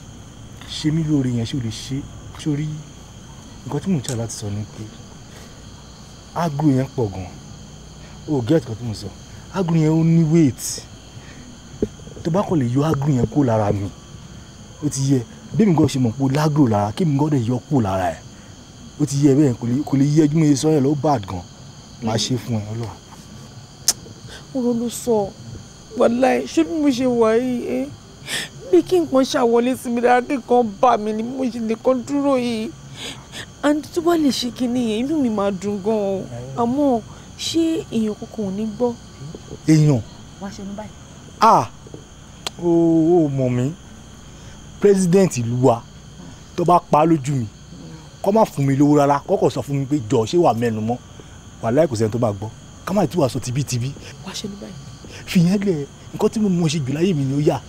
[SPEAKER 6] ṣe mí lóore yẹn ṣé o lè ṣe é sórí nǹkan tí mò ń ṣe láti sọ ni pé agro yẹn pọ̀ gan o get nǹkan tí mò ń sọ agro yẹn ó ní weight tó bá kọ̀ lè yọ agro yẹn kó lára mi ó ti yẹ bẹ́ẹ̀mi gan ṣe mọ̀ pé lágro lára kí mi gan dẹ̀ yọ kó lára ẹ̀ ó ti yẹ bẹ́ẹ̀ kò lè yẹ ẹjúmọ́ sọ yẹn ló bad gan máa ṣe fún ẹ ọlọ́run.
[SPEAKER 2] ọ̀rọ̀ ló sọ wàláì ṣé bí mo ṣe wà yìí eh? bí kí nǹkan ṣàwọlé sí mi dára kí nǹkan bà mí ni mo nìkan dúró yìí and tó bá lè ṣe kinní yẹn inú mi máa dùn gan-an àmọ́ ṣé èèyàn kankan ò ní gbọ́.
[SPEAKER 6] èèyàn. ah o ò mọ̀ mí president ìlú wa tó bá pa á lójú mi kọ́ má fún mi lówó rárá kọ́kọ́ sọ fún mi pé jọ ṣé wàá mẹ́nu mọ́ wàhálà kò sẹ́ni tó máa gbọ́ ká má tí wàá sọ tibítibí. fìyẹn lẹ nǹkan tí mo mọ̀ ṣe jù láyé mi ni ó yà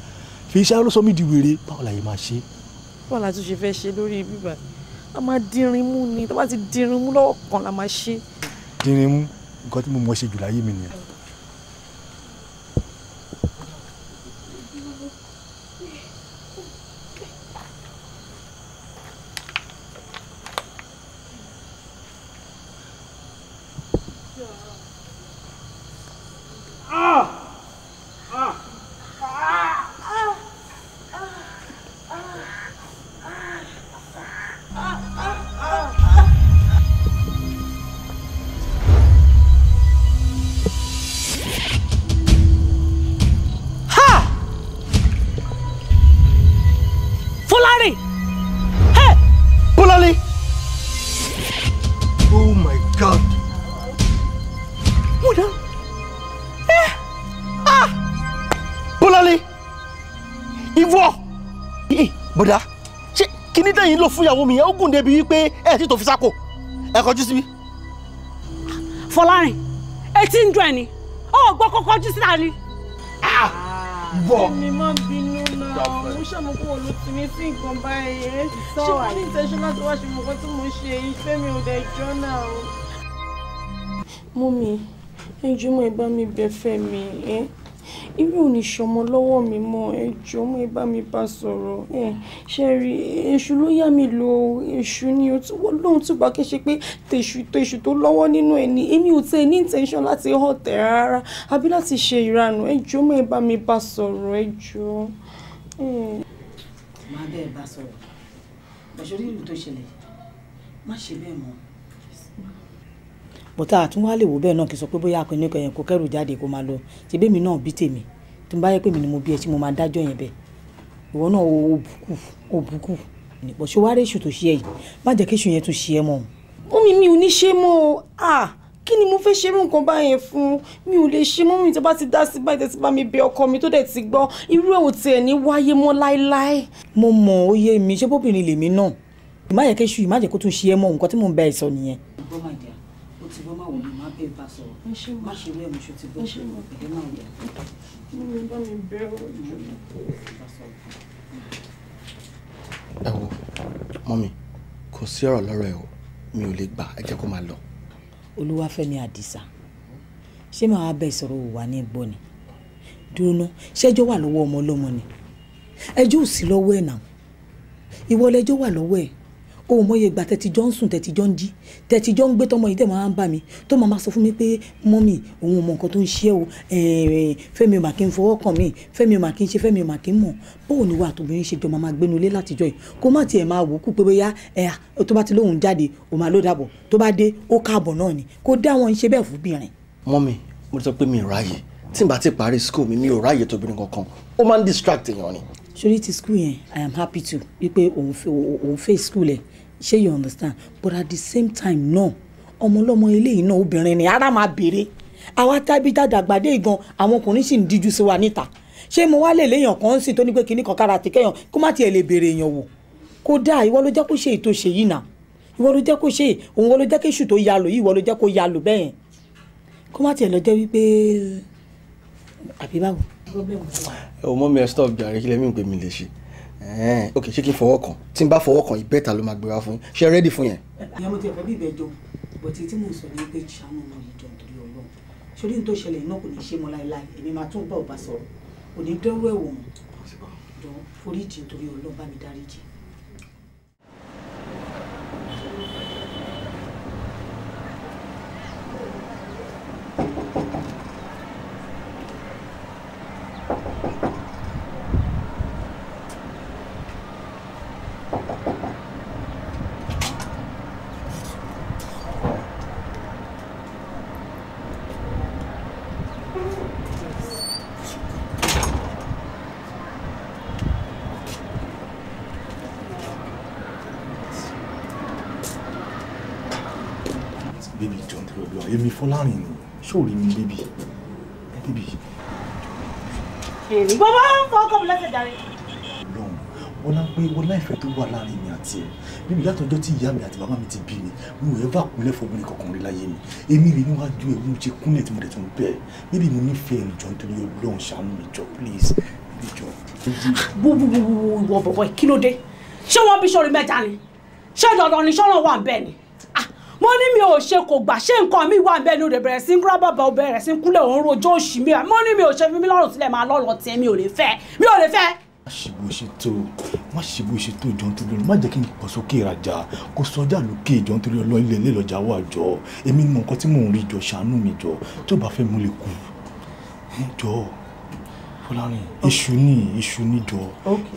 [SPEAKER 6] kì í ṣe ló sọ mí di wèrè báwo la yìí máa ṣe.
[SPEAKER 2] báwo la tún ṣe fẹ́ ṣe lórí bíbá a máa dínrín mú ni tó bá ti dínrín mú lọ́wọ́ kan la máa ṣe.
[SPEAKER 6] dínrín mú nǹkan tí mo mọ̀ ṣe jù láyé mi nìyẹn.
[SPEAKER 2] ẹ̀yin ló fún ìyàwó mi yẹn ó gùn débi wípé ẹ̀ tí tò fi sáko ẹ̀ kọjú síbi. Fọlárin etí ń dùn ẹ ni ó gbọ́ kó kọjú síta ni. Ah, bọ̀ èmi máa ń bínú náà mo ṣàmùkú olùtí mi sí nǹkan báyìí ṣé mo ní ìtẹ́sọ́ láti wá ṣe mọ̀kọ́ tí mo ṣe ìfẹ́ mi ò dẹ̀ jọ́ náà. mú mi ẹjú mọ́ ẹ bá mi bẹ̀ fẹ́ mi. Eh? irú oníṣọmọ lọ́wọ́ mi mọ́ ẹjọ́ mú ẹ bá mi bá sọ̀rọ̀ ẹ ṣe rí èṣù ló yá mi lo èṣù ni o tí wọ́n lóhun tí bàkẹ́ ṣe pé tèṣù tèṣù tó lọ́wọ́ nínú ẹ̀ ni èmi ò tẹ ní intention láti hàn tẹ̀ rárá àbí láti ṣe ìranù ẹjọ́ mú ẹ bá mi bá sọ̀rọ̀ ẹjọ́. má bẹ́ẹ̀ bá sọ̀rọ̀ bọ̀ṣọ́rí ìlú tó ṣẹlẹ̀ má ṣe bẹ́ẹ̀ mọ́ bọ́tà àtúnwá lè wò bẹ́ẹ̀ náà kì í sọ pé bóyá akọni kan yẹn kò kẹ́rù jáde kó máa lọ ṣe bẹ́ẹ̀ mi náà bí tèmi tó ń bá yẹ pé mi ni mo bí ẹ tí mo máa dájọ́ yẹn bẹ́ẹ̀ ìwọ náà o bùkù o bùkù nìpọ̀ ṣé wàá rí èṣù tó ṣe ẹ yìí má jẹ́ kéṣù yẹn tó ṣe ẹ mọ́. ó mi mi ò ní ṣe mọ́ o ah kí ni mo fẹ́ ṣe irú nǹkan báyẹn fún mi ò lè ṣe mọ́ mi ìjọba ti dá sí báyìí tẹ́sí bá mi bẹ ọkọ mi tó dẹ̀ ti gbọ́ irú ẹ̀ ò tiẹ̀ ní wáyé mọ́ láéláé. mo mọ òye mi ṣé bóbìnrin lèmi náà ìmáyẹ̀kẹ́ṣu ìmáyẹ̀kó tó ṣe é mọ nǹkan tí mò ń bá ẹ sọ nìyẹn ti gbọ́ máa wò ní máa bẹ́ẹ̀ bá sọ̀rọ̀ má ṣe rí ẹ̀mọ́ṣọ́ ti gbọ́ ẹ̀ máa yẹ.
[SPEAKER 1] ẹ wo mọ́mi kò sí ọ̀rọ̀ lọ́rọ̀ ẹ̀ o mi ò lè gbà ẹ jẹ́ kó
[SPEAKER 2] máa lọ. olúwàfẹ́mi àdìsá ṣé màá bẹ ìsọ̀rọ̀ wà ní gbọ́ ni dúró ná wà lọ́wọ́ ọmọ ọlọ́mọ ni ẹjọ́ ò sí lọ́wọ́ ẹ̀ náà ìwọ wà lọ́wọ́ ẹ̀ Oh, o mọye ìgbà tẹ́tí jọ ń sùn tẹ́tí jọ ń jí tẹ́tí jọ ń gbé tọmọ yìí tẹ́ máa ń bà mí tó máa sọ fún mi pé mọ́mì òun mọ nǹkan tó ń ṣe o fẹ́mi ò mà kí n fọwọ́ kàn mí fẹ́mi ò mà kí n ṣe fẹ́mi ò mà kí n mọ̀ bóun ni wà tóbìnrin ṣe jọ máa máa gbénu ilé látijọ́ yìí kó má tiẹ̀ máa wò ó kú pé bóyá ẹ̀yà tó bá ti lóun jáde ò máa ló dàbọ̀ tó bá dé ó káàbọ̀ náà ni kó dá wọn ṣe bẹ́ẹ̀ fúnbìnrin.
[SPEAKER 1] mọ́mì ti parí school mi mi ò ráàyè tóbìnrin kankan ó máa ń distract èèyàn ni.
[SPEAKER 2] school yẹn i am happy to wípé òun fẹ́ school ẹ̀ ṣé you understand but at the same time no. ọmọ ọlọ́mọ eléyìí náà obìnrin ni ara máa béèrè àwa tábí dàdàgbàdé ìgan àwọn ọkùnrin sì ń díjú sí wa níta ṣé mo wá lè léèyàn kan sì tó ní pé kinní kan kára àti kẹyàn kó má tiẹ̀ lè béèrè èèyàn wò kódà ìwọ ló jẹ́ kó ṣe ètò ṣèyí náà ìwọ ló jẹ́ kó ṣe òun wọ́n ló jẹ́ kéṣù tó yalò yìí ìwọ ló jẹ́ kó yalò bẹ́ẹ̀ kó má tiẹ̀ lọ jẹ́ wípé àbí báwo.
[SPEAKER 1] ọmọ mi ẹ stop jàre kí lẹ́mí ń pè mí lè ṣe ok ṣé kí n fọwọ́ kàn tí n bá fọwọ́ kàn ìbẹ́ta ló máa gbéra fún yín ṣé rẹ́dì fún yẹn.
[SPEAKER 2] ìyá mo ti ẹ̀fẹ́ bí ìbẹ́jọ bọ̀tí tí mò ń sọ ní pé ṣàánú mi ìjọ nítorí ọlọ́run ṣorí ní tó ṣẹlẹ̀ náà kò ní ṣe mọ́ láéláé èmi máa tún bá ọba sọ̀rọ̀ kò ní dẹ́rù ẹ̀wọ̀n jọ foríjì nítorí ọlọ́run bá mi dáríjì.
[SPEAKER 6] bébì jọ nítorí olúwa èmi fọlárin ni sóòrí mi bébì bébì. èrè bàbá ọkọ mi lọ́sẹ̀ darí. ọlọ́run wọn náà pé wọn láìfẹ́ tó wà láàrin mi àti ẹ bébì látọjọ́ tí ìyá mi àti bàbá mi ti bí mi mi ò ẹ́fà kúnlẹ̀ fọmọbìnrin kankan rí láyé mi èmi rè níwájú ẹ̀ mo ṣe kúnlẹ̀ tí mo dẹ̀ tún bẹ́ẹ̀ bébì mo nífẹ̀ẹ́ ìjọ nítorí ọlọ́run ṣàánú mi jọ please bébì jọ.
[SPEAKER 2] búbúbúbú ìwọ bọ̀bọ̀ kí ló dé ṣé wọ́n bí sọ́ọ́rí mẹ́ta ni ṣé dandan ni sọ́ọ́rọ̀ wà bẹ́ẹ̀ ni mo ní mi ò ṣe kò gbà ṣé nǹkan mi wà bẹ́ẹ̀ ni o lè bẹ̀rẹ̀ sí ń kúrá bàbá o bẹ̀rẹ̀ sí ń kúlẹ̀ òun rojọ́ òṣì mi mo ní mi ò ṣe fi mí lọ́rùn sílẹ̀ máa lọ́rọ̀ tiẹ̀ mi ò lè fẹ́ mi ò lè fẹ́. má
[SPEAKER 6] ṣe bó ṣe tó má ṣe bó ṣe tó ìjọ nítorí ọlọ́run má jẹ́ kí n pọ̀ sókè ìrajà kó sọjá lókè ìjọ nítorí ọlọ́run ilé ìlọjà wà jọ èmi mọ nǹkan tí mò ń rí jọ ṣàánú mi jọ tó bá fẹ́ mú lè kú jọ fọlárin èṣù ní èṣù níjọ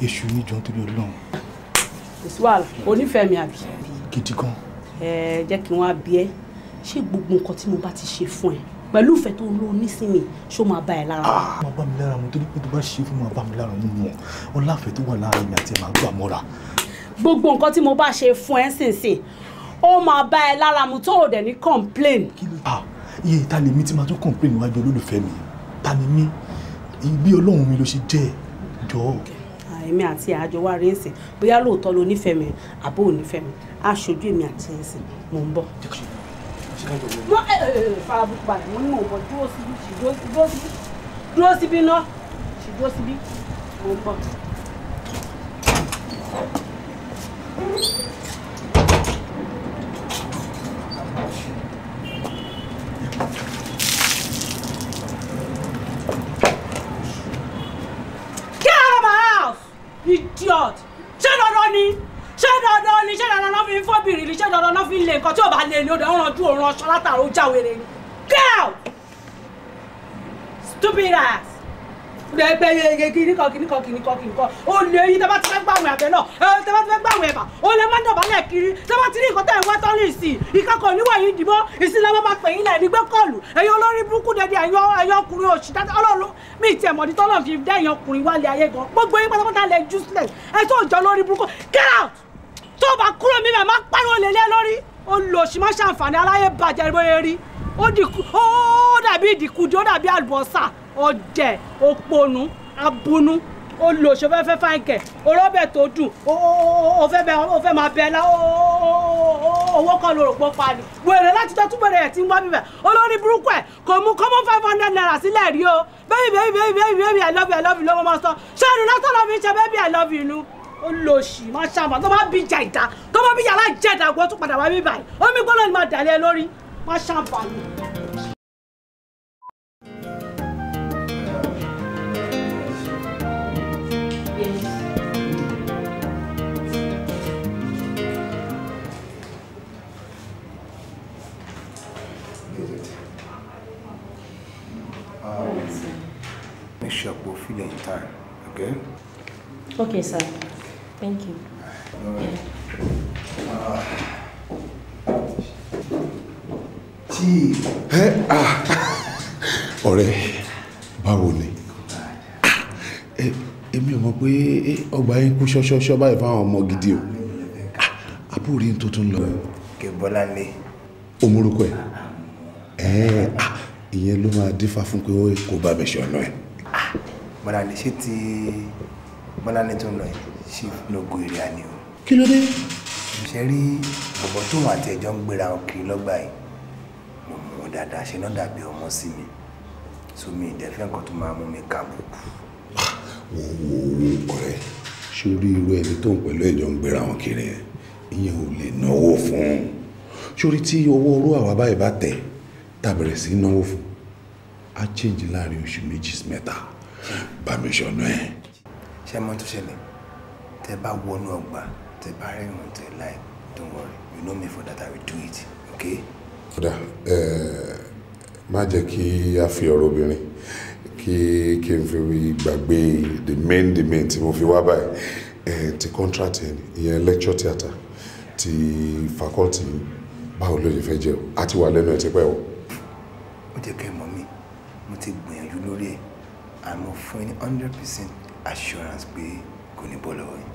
[SPEAKER 6] èṣù níjọ nítorí ọlọ́run.
[SPEAKER 2] ìṣúwàlà onífẹ̀ẹ́ mi àbí. gidi gan ẹ jẹ́ kí wọ́n á bí ẹ ṣé gbogbo nǹkan tí mo bá ti ṣe fún ẹ pẹ̀lú ìfẹ́ tó ló nísìnyí ṣó máa bá ẹ lára. Ah,
[SPEAKER 6] máa bá mi lára mu torí pé tó bá ṣe fún máa bá mi lára mu mọ ọláfẹ́ tó wà láàrin mi àti ẹ̀ máa gbà mọ́ra.
[SPEAKER 2] gbogbo nǹkan tí mo bá ṣe fún ẹ
[SPEAKER 6] ṣìnṣìn ó máa bá ẹ lára mu tó ò dẹ̀ ní complain. kí ló ah iye ìta lèmi tí máa tún complain níwájú olólùfẹ́ mi ta ni mí bí ọlọ́run mi ló ṣe jẹ́ jọ.
[SPEAKER 2] Ah, èmi àti àjọ wa rí ń sìn bóyá lóòótọ́ lo nífẹ̀ẹ́ mi àbó ò nífẹ̀ẹ́ mi aṣojú èmi àti ẹ̀sìn mò ń bọ̀. wọ́n farabu padà wọ́n ní mò ń bọ̀ dúró síbí dúró síbí náà sì dúró síbí mò ń bọ̀. Get out of my house! Idiot! Ṣé lọ́dọ̀ ni? ṣé dandan ni ṣé dandan ló fi ń fọ́bìrì ni ṣé dandan ló fi ń lè nǹkan tí ò bá lè ní odò ọ̀ràn ju òòrùn ọ̀ṣọ́ látàrí ó jáwèrè ni. girl stupid ass lè gbẹ yeye kìíní kan kìíní kan kìíní kan kìíní kan o lè yí tẹ bá ti fẹ́ gbàwìn àbẹ náà ẹ tẹ bá ti fẹ́ gbàwìn ẹ̀bà o lè má dọ̀bálẹ̀ kiri tẹ bá ti ní nǹkan tẹ̀ wá tọ́lù ìsì ìkẹ́kọ̀ọ́ níwọ̀n yìí dìbò ìsinlẹ̀ máa pè yín lẹ̀ ní gbé kọ́ọ̀lù ẹ̀yin olórí burúkú dẹ̀dẹ̀ ẹ̀yin ọkùnrin òsì ọlọ́run mi tiẹ̀ mọ̀ ní tọ́lọ̀ fi dẹ́yìn ọkùnrin wálé ayé gan gbogbo yín pátápátá lẹ̀ juiceless ẹ̀ tó jọ lórí burúkú get out tó o bá kúrò mi bẹ́ẹ̀ má pariwo lélẹ́ lórí ó lò sí má ṣàǹfààní aláyé bàjẹ́ bóyá rí ó dàbí ìdìkudì ó dàbí àlùbọ́sà ọ̀dẹ̀ òpònú abunú ó lò sí fẹ́fẹ́ fáìkẹ̀ òrọ́bẹ̀ tó dùn ó fẹ́ máa bẹ lá owó kan ló rò pọ̀ pani wèrè láti tọ́ túbọ̀ rẹ̀ tí ń wá bíbẹ̀ olórí burúkú ẹ̀ kò mú common five hundred naira sílẹ̀ rí o baby baby baby baby i love you i love you lọ́wọ́ máa sọ ṣé ẹni látọ̀ lọ́ọ́ fi ṣe baby i love you nu ó lò sí má ṣàǹfà tó bá bí ìjà ìdá tó bá bí ìjà aláìjẹ ìdá gbọ́ tún padà wá bí báyìí omi gbọ́dọ̀ ni máa dàlẹ́ lórí má ṣàǹfà ni. okay? Okay, sir. Thank you.
[SPEAKER 4] Tíì. Ọ̀rẹ́, báwo ni?
[SPEAKER 8] Èmi ò mọ̀ pé ọgbà yín kú ṣọ́ṣọ́ṣọ́ báyìí fáwọn ọmọ gidi o. Àbúrí ń tuntun lọ.
[SPEAKER 4] Kèbọ́lá lé.
[SPEAKER 8] O morúkọ ẹ̀? Ẹ̀ẹ́ ìyẹn ló máa dífá fún pé ó kò bá mi ṣe ọ̀nà ẹ̀.
[SPEAKER 9] Bọ́lá lè ṣe ti Bọ́lá lè tó ń lọ yìí chief lógo eré àní o. kí ló dé.
[SPEAKER 3] ṣe rí ọ̀bọ̀ tóun àti ẹ̀jọ́ ń gbéra kiri lọ́gbà yìí mo mọ̀ ọ́ dáadáa ṣe náà dàbí ọmọ sí mi so mi ìdẹ́fẹ́ nǹkan tó máa
[SPEAKER 8] mú mi kà bùkù. wo wo wo ọ̀rẹ́ sórí irú ẹni tóun pẹ̀lú ẹ̀jọ́ ń gbéra wọn kiri yẹn ìyẹn ò lè náwó fún un sórí tí owó orú àwa báyìí bá tẹ̀ tàbẹ̀rẹ̀ sí náwó fún un á change láàrin oṣù méjì mẹ́ta bàmí ṣọ̀nà ẹ̀. ṣé mo tún tẹ́ bá wọnú
[SPEAKER 3] ọgbà tẹ́ bá rẹ́rìn tẹ́ láì don't worry you know
[SPEAKER 8] me for that i will do it okay. kódà má jẹ́ kí a fi ọ̀rọ̀ obìnrin kí kí n fi gbàgbé the main the main tí mo fi wá báyìí ti contract yẹn ìyẹn lecture theatre ti faculty báwo ló ṣe fẹ́ jẹ́ o a ti wà lẹ́nu ẹ̀ tipẹ́ o.
[SPEAKER 6] ó jẹ́ kí n mọ̀ mí mo ti gbìyànjú lórí ẹ̀
[SPEAKER 3] àmọ́ fún ẹ ní hundred percent assurance pé kò ní bọ́ lọ́wọ́ yìí.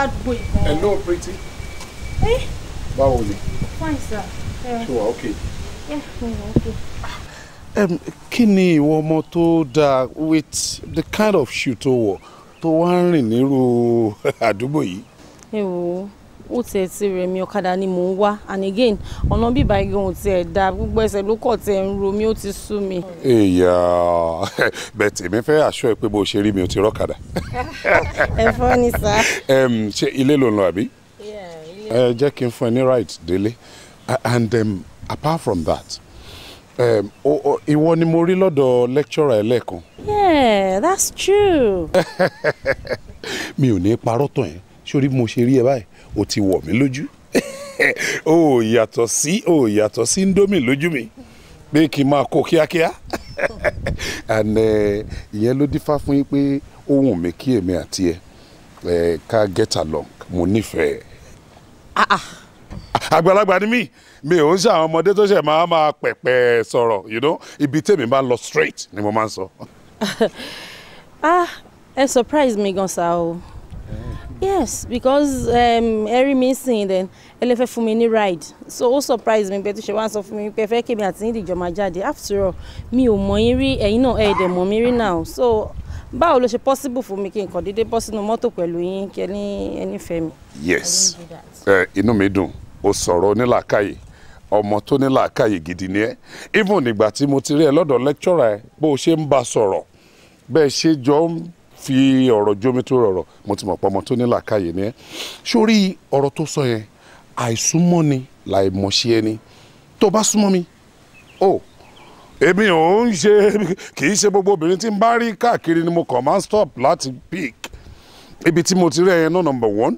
[SPEAKER 2] ládùúgbò ìgbọ̀n.
[SPEAKER 8] hello pretty. Eh? báwo ni.
[SPEAKER 2] fine sir. Uh, eh. sure okay. yeah okay.
[SPEAKER 8] Um, kí ni ìwọ ọmọ tó dáa with the kind of shoe tó wọ̀ tó wá ń rìn nírú [laughs] àdúgbò yìí.
[SPEAKER 2] ẹ wò ó ó tiẹ̀ ti rẹ̀ mi ọ̀kadà ni mò ń wá and again ọ̀nà bíbá igi ohun tiẹ̀ da gbogbo ẹsẹ̀ ló kọ̀ tiẹ̀ ń ro mi ó ti sú mi.
[SPEAKER 8] èèyà bẹ́ẹ̀ tèmi fẹ́ àṣọ ẹ pé bó ṣe rí mi ò ti rọ́kadà.
[SPEAKER 2] [laughs] ẹ fọ́ ni sá.
[SPEAKER 8] ṣé ilé ló ń lọ àbí. ẹ jẹ́ kí n fún ẹ ní right délé and um, apart from that ìwọ ni mo rí lọ́dọ̀ lecturer ẹ lẹ́ẹ̀kan.
[SPEAKER 2] yeah that's true.
[SPEAKER 8] [laughs] mi ò ní parọ́ tán ẹ́ sórí mo ṣe rí ẹ báyìí o ti wọ̀ mí lójú [laughs] o ò yàtọ̀ sí o yàtọ̀ sí ndomi lójú mi pé kí n máa kó kíákíá [laughs] and eh, ìyẹn ló dífá fún yín pé ó wùn mí kí èmi àti ẹ ká get along mo nífẹ̀ẹ́. Ah, ah. àgbàlagbà ni mí mi ò ń ṣe àwọn ọmọdé tó ṣe máa máa pẹ̀pẹ̀ sọ̀rọ̀ you know ibi tèmi bá lọ straight ni mo máa ń sọ.
[SPEAKER 2] [laughs] ah ẹ surprise mi gan sa o eh yes because ẹrí um, mi sìn then ẹlẹ́fẹ́ for mi ride so all surprise me pé she wants of me prefer mi pé ẹ fẹ́ kémi àti nídìí ìjọba after all Me or mọ̀ yín rí ẹ̀yin náà ẹ̀ dẹ̀ now so báwo ló ṣe possible for mi kí n kàn déédéé bọ́ sínú mọ́tò pẹ̀lú any kí ẹni
[SPEAKER 8] yes ẹ inú mi dùn ó sọ̀rọ̀ onílàákàyè ọmọ tó nílàákàyè gidi ni ẹ even nígbà tí mo ti rí ẹ lọ́dọ̀ lecturer ẹ bó o ṣe ń bá a fi ọ̀rọ̀ jómi tó rọ̀rọ̀ mo ti mọ̀ pọ̀ ọmọ tó ní làákàyè ni ẹ́ sórí ọ̀rọ̀ tó sọ yẹn àìsúnmọ́ ni làìmọ̀ṣe ẹni tó bá súnmọ́ mi ó èmi ò ń ṣe kì í ṣe gbogbo obìnrin tí n bá rí káàkiri ni mo kàn máa ń stop láti pick ibi tí mo ti rí ẹyẹ náà number one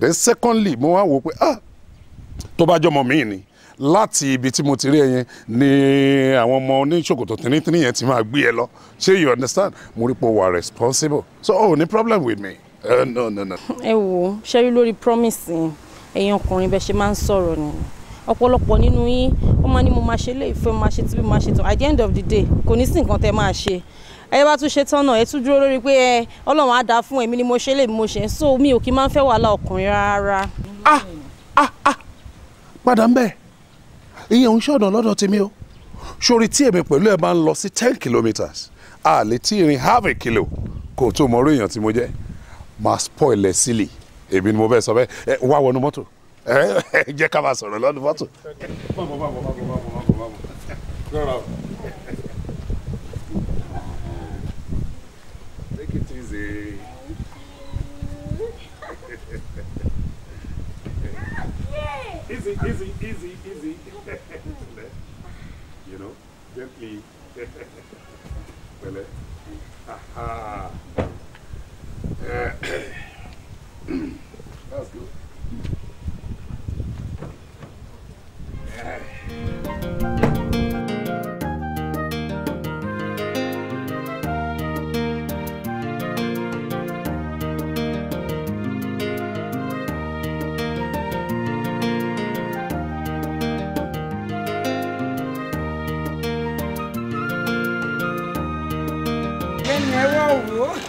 [SPEAKER 8] then secondly mo wá wò pé ah tó bá jọmọ míì ni láti ibi tí mo ti rí ẹ ni àwọn ọmọ oníṣòkòtò tínítínní yẹn ti máa gbé ẹ lọ ṣé you understand mo rí pé o wà responsible so o oh, ní problem with me uh, no no no.
[SPEAKER 2] ẹ wo ṣẹ́rí lórí promise yẹn ẹ̀yin ọkùnrin bẹ́ẹ̀ ṣe máa ń sọ̀rọ̀ ni ọ̀pọ̀lọpọ̀ nínú yín wọ́n máa ní mo máa ṣe ilé ìfẹ́ mo máa ṣe tí mo máa ṣe tán at the end of the day kò ní sí nǹkan tẹ́ máa ṣe ẹ bá tún ṣe tán náà ẹ tún dúró lórí pé ẹ ọlọ́run á dáa fún èmi ni mo ṣe lè mo ṣe so mi ò kí máa ń fẹ́ wàhálà ọkùnrin rárá. ah ah
[SPEAKER 8] ah padà ń bẹ́ẹ̀ ìyẹn òun ṣọ̀nà lọ́dọ̀ tèmi o sórí tí èmi pẹ̀lú ẹ̀ máa ń lọ sí ten kilometres a lè tí ìrìn half a kilo kò tó mọ orí èèyàn tí mo jẹ́ máa spoil ẹ̀ sílì èmi ni mo bẹ́ẹ̀ sọ bẹ́ẹ̀ ẹ wá wọnú mọ́tò jẹ́ ká máa sọ̀rọ̀ lọ́dún mọ́tò. Take it easy. [laughs] Easy, easy. Uh,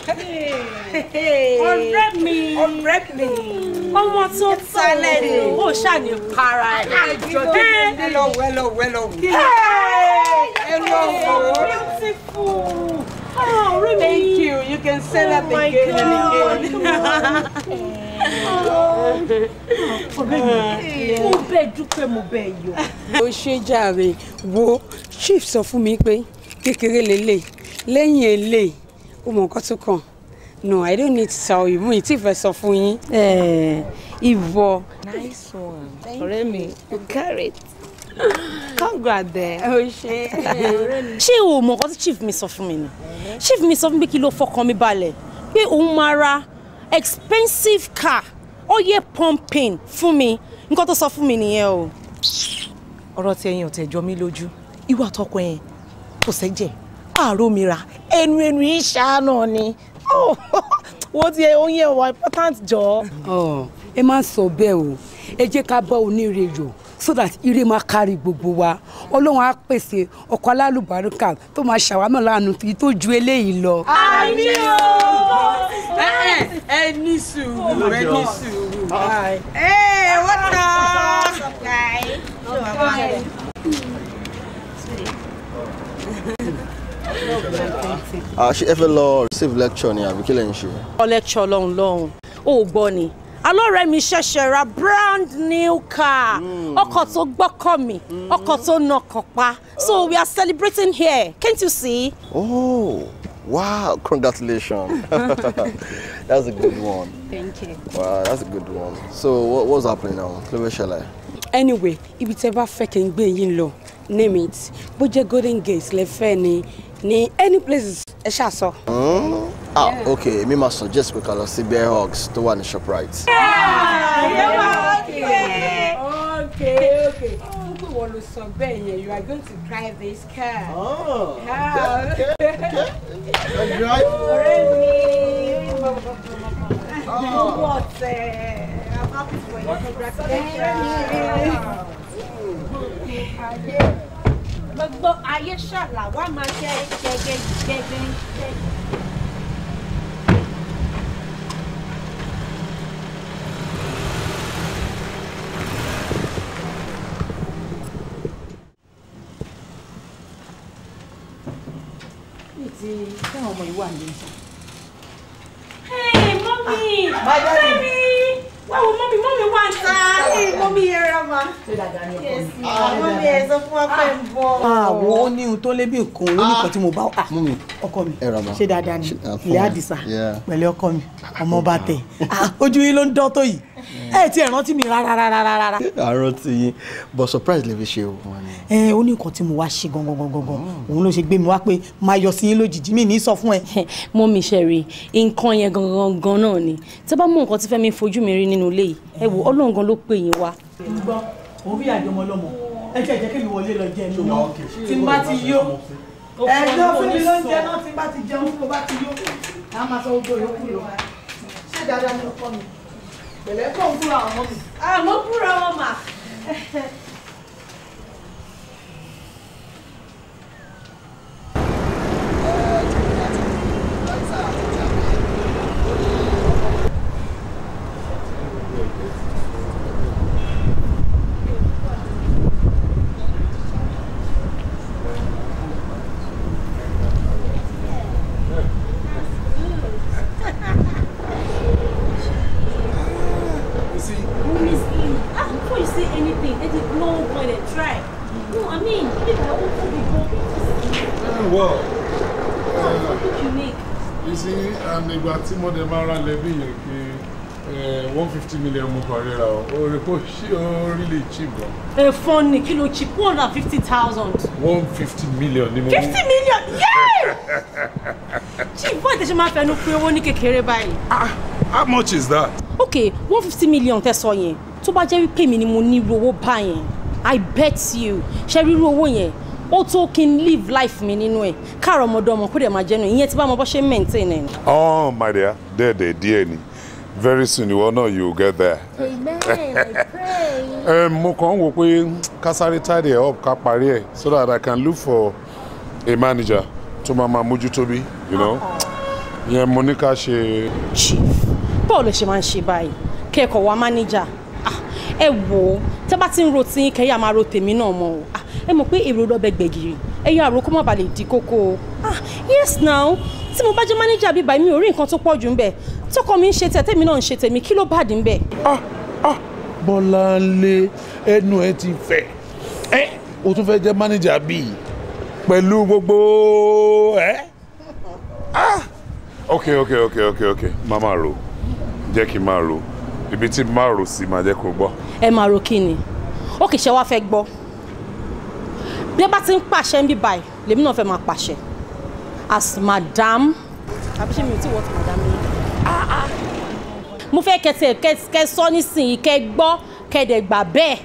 [SPEAKER 2] ọ̀rẹ́ mi ọ̀rẹ́ mi ọmọ tó tọ́ o ṣàní
[SPEAKER 4] para ẹ̀ ẹjọ́ ah, tó ẹ lọ wọ ẹ lọ wọ ẹ lọ wọ ẹ lọ wọ.
[SPEAKER 7] beautiful
[SPEAKER 2] oh ah, really thank you you can sell oh that again God. and again. [laughs] Ah, ọ̀rẹ́ mi mo bẹ dúpẹ́ mo bẹ yọ. ó ṣe jàre wo chief sọ fún mi pé kékeré lélẹ̀ lẹ́yìn eléyìí ó mọ nǹkan no i don't need to tell you mo ì tí ì fẹ́ sọ fún yín. Eh, ìwọ nice one ọ̀rẹ́ mi you carry it [laughs] congrats there. [laughs] o oh, ṣe ṣé o mọ nǹkan tí chief mi sọ fún mi ni chief mi sọ fún mi kí ló fọkàn mi balẹ̀ pé òun máa ra expensive car ó yẹ pumping fún mi nǹkan tó sọ fún mi nìyẹn o. ọ̀rọ̀ tí ẹ̀yin ọ̀tẹ̀ jọ mí lójú ìwà àtọkọ yẹn kò sẹ́jẹ̀ àròmìrà ẹnu ẹnu ìṣá náà ni oh, [laughs] wọ́n ti oyin ẹ̀wọ̀ important jọ. Oh, ẹ máa ń sọ bẹ́ẹ̀ o ẹ jẹ́ ká bá oníire yọ̀ so that ire máa kárí gbogbo wa ọlọ́run á pèsè ọkọ̀ alálùbáríkà tó máa ṣàwámọ̀ láàánú yìí tó ju eléyìí lọ. àmín o ẹ ẹ ní sùúrù ẹ ní sùúrù. ẹ ah. ẹ wọ́n tọ́ ọ.
[SPEAKER 1] Ah, ṣé ẹ fẹ́ lọ receive lecture ni àbí kí lẹ ń ṣe.
[SPEAKER 2] ọ lecture lọ́hùn lọ́hùn ó gbọ́ ni alọ́rẹ̀ mi ṣẹ̀ṣẹ̀ ra brand new car hmm. ọkọ̀ tó gbọ́kọ̀ mi hmm. ọkọ̀ tó nà kàn pa so we are celebrating here can't you see.
[SPEAKER 1] oh wow congratulations [laughs] that's a good one. thank you. wow that's a good one so what, what's happening now kí ló fẹ́
[SPEAKER 2] anyway if it's ever fucking being n gbé name it bó jẹ́ golden gate lè fẹ́ ni any places ẹ ṣáà sọ.
[SPEAKER 1] Hmm? ah yeah. ok mi máa suggest pé ká lọ sí bear hugs tó wà ní shoprite.
[SPEAKER 2] ok ok pé wọ́n ló sọ bẹ́ẹ̀ yẹn you are going to drive this car. Oh, yeah. okay, okay.
[SPEAKER 1] I [laughs] drive. ọ̀rẹ́
[SPEAKER 7] mi oh. what uh, I'm
[SPEAKER 2] happy for you congratulations gbogbo ayé ṣàlàwà máa jẹ gẹ́gẹ́ gẹ́gẹ́ gẹ́gẹ́. ti fẹ́ràn ọmọ ìwà ní Hey, mọ́mí! Ah, mọ́mí! wá wo mọ́mí mọ́mí wá ń ta mọ́mí yẹra ma mọ́mí ẹ̀ sọ fún wa pé ah. ń bọ̀. àwọ̀ ah, ó ní ohun tó lé bí nǹkan ó ní nǹkan tí mo bá ah, ọkọ mi ṣe dáadáa ni ìyá àdìsá pẹ̀lú ọkọ mi ọmọ [laughs] bàtẹ̀ [laughs] ojú yìí ló ń dán tó yìí ẹ ti ẹ̀ rántí mi rárá rárá rárá.
[SPEAKER 1] àárọ̀ ti yín but surprise lè fi ṣe o.
[SPEAKER 2] ẹ ó ní nǹkan tí mo wá ṣe gangan gangan òun ló ṣe gbé mi wá pé máa yọ sí yín lójijì mi ní sọ fún ẹ. mọ mi ṣẹ̀rí nǹkan yẹn gangan gan náà ni tí bá mú nǹkan tí fẹ́mi fojú mi rí nínú ilé yìí ẹ wò ọlọ́run gan ló pè yín wá. gbọ́ orí àjọmọ lọ́mọ ẹ jẹ́ jẹ́ kí fún mi ló náà tí bá ti jẹun tó bá ti yó àá máa sọ gbogbo yòókù lọ ṣé dáadáa ni ọkọ mi pẹ̀lẹ́ kò ń búra ọmọ mi. àmọ́ búra ọmọ [laughs]
[SPEAKER 8] you see and ìgbà tí mo dẹ̀ máa ra lẹ́bí yẹn pé eh, one fifty million mo kàn ríra o o rẹ kó ṣí o really cheap gan.
[SPEAKER 2] ẹ fọ́n ni kí cheap one hundred and fifty thousand.
[SPEAKER 8] one fifty million ni mo. fifty
[SPEAKER 2] million yay chief wọ́n ti ṣe máa fẹnu pé owó ní kékeré báyìí. ah how much is that. okay one fifty million tẹ́ sọ yẹn tó bá jẹ́ wípé mi ni mo ní irú owó báyẹn i bet you ṣe rí irú owó yẹn ó tó kí n live life mi nínú ẹ̀ káàrọ̀ ọmọdé ọmọ kó dẹ̀ máa jẹ́nu ìyẹn tí bá mo bọ́ ṣe ń maintain ẹ̀.
[SPEAKER 8] oh my dear dẹ́ẹ̀dẹ̀ díẹ̀ ni very soon ìwọ náà you get there. amen i [laughs] pray. Eh, mo kàn ń wò pé ká tidy ẹ̀ up ká parí ẹ̀ so that i can look for a manager tó máa máa mójútó bí you know ah. yẹn mo ní ká ṣe. chief
[SPEAKER 2] bọ́ọ̀lù ṣe máa ń ṣe báyìí kẹ́kọ̀ọ́ wa manager ẹ wò ó tẹ́ bá ti ń ro tí kẹ́yà máa ro tèmi náà mọ́ o ah, ẹ mọ̀ pé èrò lọ́bẹ̀ gbẹ̀gìrì ẹ̀yin àrò kó má ba lè di kókó o ah yes now tí mo bá jẹ́ mánéjà bíbá mi ò rí nǹkan tó pọ̀ jù ńbẹ̀ tọkọ mi ń ṣe tẹ̀ tèmi náà ń ṣe tèmi kí ló bàdí ńbẹ̀. ah ah
[SPEAKER 8] Bọ́láńlé ẹnu ẹ ti fẹ̀ ẹ o tún fẹ́ jẹ́ mánéjà bíi pẹ̀lú gbogbo ẹ ah ok ok ok ok ok má máa ro jẹ́ kí n máa ro ibi tí máa rò sí máa jẹ́ kó
[SPEAKER 2] gbọ́. ẹ máa ro kí ni ó kì í ṣe wá fẹ́ gbọ́ bí ẹ bá ti ń pàṣẹ ń bí báyìí lèmi náà fẹ́ máa pàṣẹ as madam àbí ṣe mi ò tí wọ́n ti madam yìí ah, ah. mo fẹ́ kẹsẹ̀ kẹ sọ nísìnyí kẹ gbọ́ kẹdẹ̀ bẹ́ẹ̀